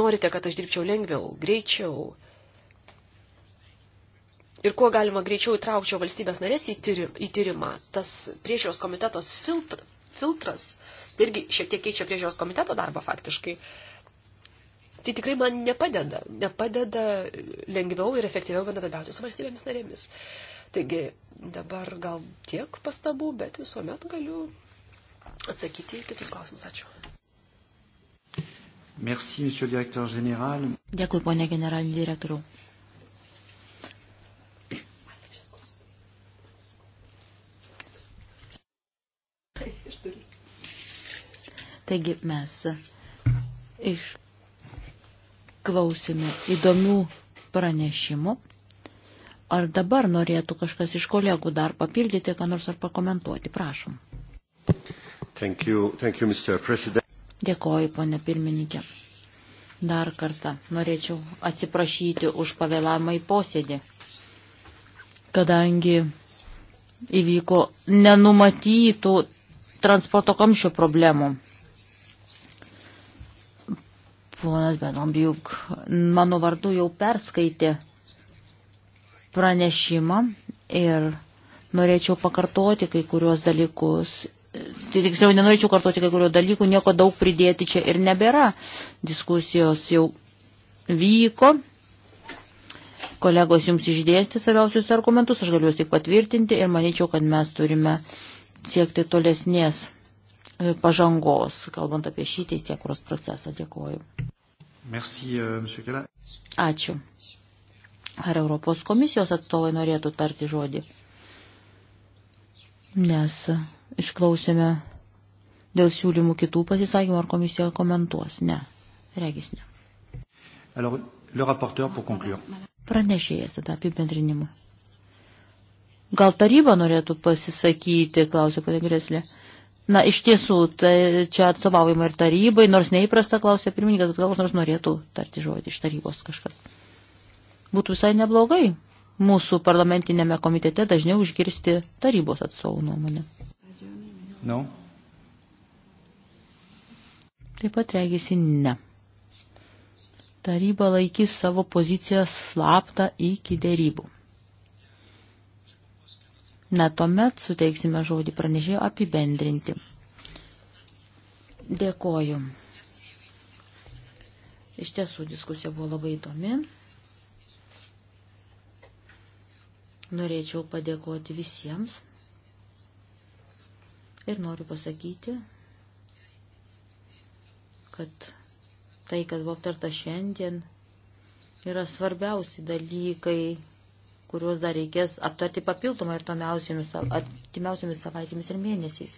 norite, kad aš dirbčiau lengviau, greičiau ir kuo galima greičiau įtraukčiau valstybės narės į, tyri, į tyrimą, tas priežiūros komitetos filtr, filtras, tai irgi šiek tiek keičia priežiūros komiteto darbą faktiškai. Uh, tai tikrai man nepadeda, nepadeda lengviau ir efektyviau bendradarbiauti su valstybėmis narėmis. Taigi dabar gal tiek pastabų, bet visuomet galiu atsakyti į kitus klausimus. Ačiū. Merci, monsieur le directeur général. Dėkui, ponė generalinį direktorių. Taigi mes iš išklausime įdomių pranešimų. Ar dabar norėtų kažkas iš kolegų dar papildyti, ką nors ar pakomentuoti? Prašom. Thank you, thank you, Dėkoju, ponė pirmininkė. Dar kartą norėčiau atsiprašyti už pavėlamą į posėdį, kadangi įvyko nenumatytų transporto kamščio problemų. Ponas Benombiuk mano vardu jau perskaitė pranešimą ir norėčiau pakartoti kai kurios dalykus. Tai tiksliau, nenorėčiau kartoti kai kurio dalykų, nieko daug pridėti čia ir nebėra. Diskusijos jau vyko. Kolegos jums išdėstė svarbiausius argumentus, aš galiu juos tik patvirtinti ir manyčiau, kad mes turime siekti tolesnės pažangos, kalbant apie šį teisėkuros procesą. Dėkuoju. Merci, uh, Ačiū. Ar Europos komisijos atstovai norėtų tarti žodį? Nes išklausėme dėl siūlymų kitų pasisakymų, ar komisija komentuos. Ne, regis ne. Alors, Pranešėjas tada apibendrinimu. Gal taryba norėtų pasisakyti, klausė ponė Greslė. Uh, Na, iš tiesų, tai čia atstovaujama ir tarybai, nors neįprasta klausė pirmininkas, bet gal kas nors norėtų tarti žodį iš tarybos kažkas. Būtų visai neblogai mūsų parlamentinėme komitete dažniau užgirsti tarybos atstovų nuomonę. No. Taip pat regisi ne. Taryba laikys savo poziciją slaptą iki dėrybų. Na, tuomet suteiksime žodį pranešėjo apibendrinti. Dėkoju. Iš tiesų, diskusija buvo labai įdomi. Norėčiau padėkoti visiems. Ir noriu pasakyti, kad tai, kas buvo aptarta šiandien, yra svarbiausi dalykai kuriuos dar reikės aptarti papildomai ir artimiausiamis savaitėmis ir mėnesiais.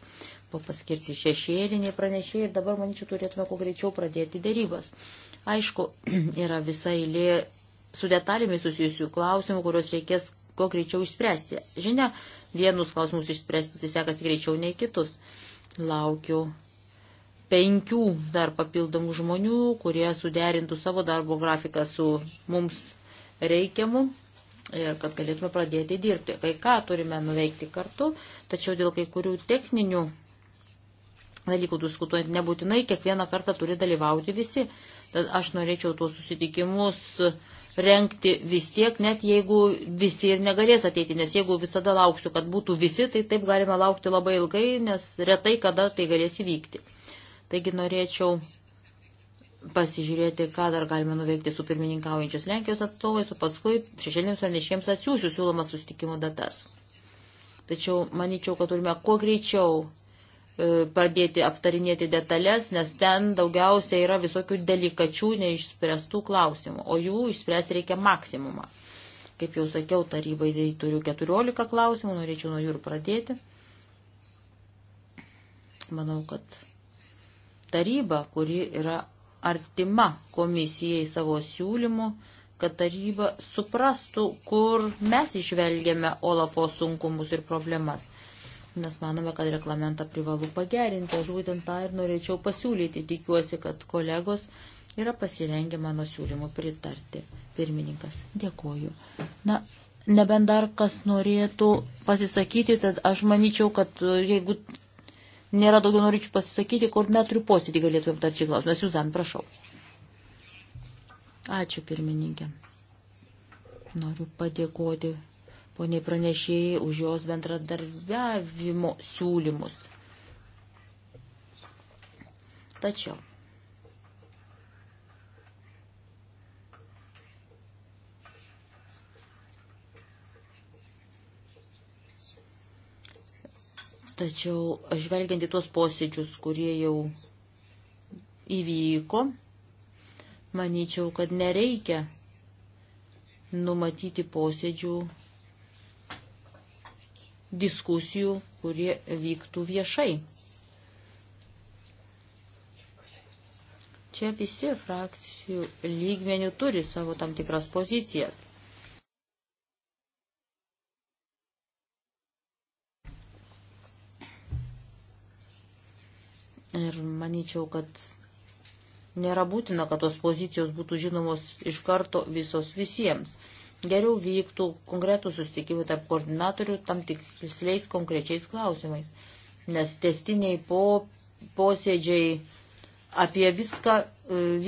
Buvo paskirti šešėliniai pranešėjai ir dabar, manyčiau, turėtume kuo greičiau pradėti dėrybas. Aišku, <clears throat> yra visa eilė su detalėmis susijusių klausimų, kuriuos reikės kuo greičiau išspręsti. Žinia, vienus klausimus išspręsti tai sekasi greičiau nei kitus. Laukiu penkių dar papildomų žmonių, kurie suderintų savo darbo grafiką su mums reikiamu ir kad galėtume pradėti dirbti. Kai ką turime nuveikti kartu, tačiau dėl kai kurių techninių dalykų diskutuojant nebūtinai kiekvieną kartą turi dalyvauti visi. Tad aš norėčiau tuos susitikimus renkti vis tiek, net jeigu visi ir negalės ateiti, nes jeigu visada lauksiu, kad būtų visi, tai taip galime laukti labai ilgai, nes retai kada tai galės įvykti. Taigi norėčiau pasižiūrėti, ką dar galime nuveikti su pirmininkaujančios Lenkijos atstovais, o paskui šešėlėms pranešėjams atsiųsiu siūlomas sustikimo datas. Tačiau manyčiau, kad turime kuo greičiau e, pradėti aptarinėti detalės, nes ten daugiausia yra visokių delikačių neišspręstų klausimų, o jų išspręsti reikia maksimumą. Kaip jau sakiau, tarybai tai turiu 14 klausimų, norėčiau nuo jų ir pradėti. Manau, kad taryba, kuri yra artima komisijai savo siūlymu, kad taryba suprastų, kur mes išvelgiame Olafo sunkumus ir problemas. Nes manome, kad reglamentą privalu pagerinti, aš būtent tą ir norėčiau pasiūlyti. Tikiuosi, kad kolegos yra pasirengę mano siūlymų pritarti. Pirmininkas, dėkoju. Na, nebent dar kas norėtų pasisakyti, tad aš manyčiau, kad jeigu nėra daugiau norėčiau pasisakyti, koordinatorių posėdį galėtume aptarti šį klausimą. Jūzan, prašau. Ačiū, pirmininkė. Noriu padėkoti poniai pranešėjai už jos bendradarbiavimo siūlymus. Tačiau Tačiau žvelgiant į tuos posėdžius, kurie jau įvyko, manyčiau, kad nereikia numatyti posėdžių diskusijų, kurie vyktų viešai. Čia visi frakcijų lygmenių turi savo tam tikras pozicijas. Ir manyčiau, kad nėra būtina, kad tos pozicijos būtų žinomos iš karto visos visiems. Geriau vyktų konkretų susitikimų tarp koordinatorių tam tiksliais konkrečiais klausimais, nes testiniai po posėdžiai apie viską e,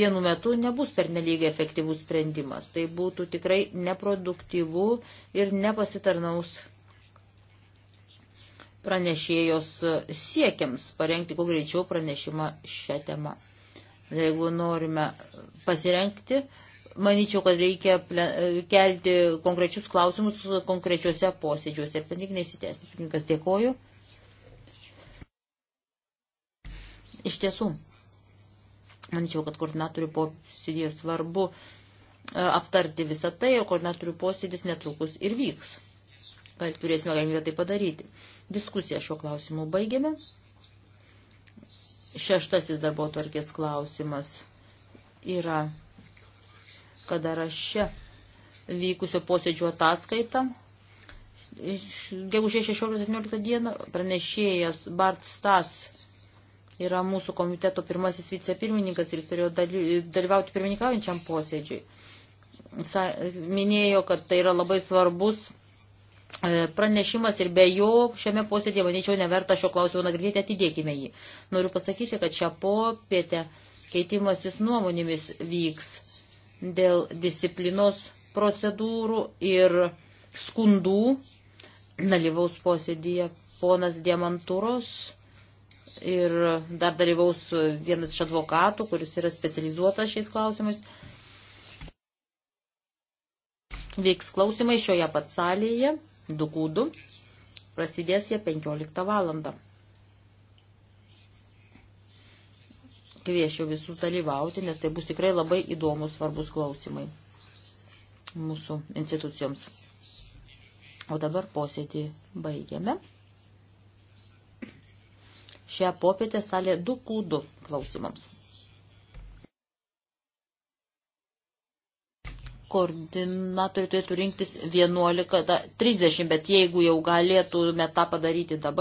vienu metu nebus pernelyg efektyvus sprendimas. Tai būtų tikrai neproduktyvu ir nepasitarnaus pranešėjos siekiams parengti kuo greičiau pranešimą šią temą. Jeigu norime pasirengti, manyčiau, kad reikia kelti konkrečius klausimus konkrečiuose posėdžiuose ir panik nesitęsti. Pirmininkas, dėkoju. Iš tiesų, manyčiau, kad koordinatorių posėdėje svarbu e, aptarti visą tai, o koordinatorių posėdis netrukus ir vyks. Gal turėsime galimybę tai padaryti. Diskusiją šiuo klausimu baigėme. Šeštasis darbo tvarkės klausimas yra kadaraše vykusio posėdžio ataskaita. Gegužė 16-17 dieną pranešėjas Bart Stas yra mūsų komiteto pirmasis vicepirmininkas ir jis turėjo dalyvauti pirmininkaujančiam posėdžiui. Minėjo, kad tai yra labai svarbus E, pranešimas ir be jo šiame posėdėje, manyčiau, neverta šio klausimo nagrinėti, atidėkime jį. Noriu pasakyti, kad šią popietę keitimasis nuomonėmis vyks dėl disciplinos procedūrų ir skundų. Dalyvaus posėdėje ponas Diamantūros ir dar dalyvaus vienas iš advokatų, kuris yra specializuotas šiais klausimais. Vyks klausimai šioje pat salėje. Dugūdų. Prasidės jie 15 valandą. Kviešiu visus dalyvauti, nes tai bus tikrai labai įdomus, svarbus klausimai mūsų institucijoms. O dabar posėdį baigiame. Šią popietę salė 2Q2 klausimams. koordinatoriai turėtų rinktis 11.30, bet jeigu jau galėtume tą padaryti dabar.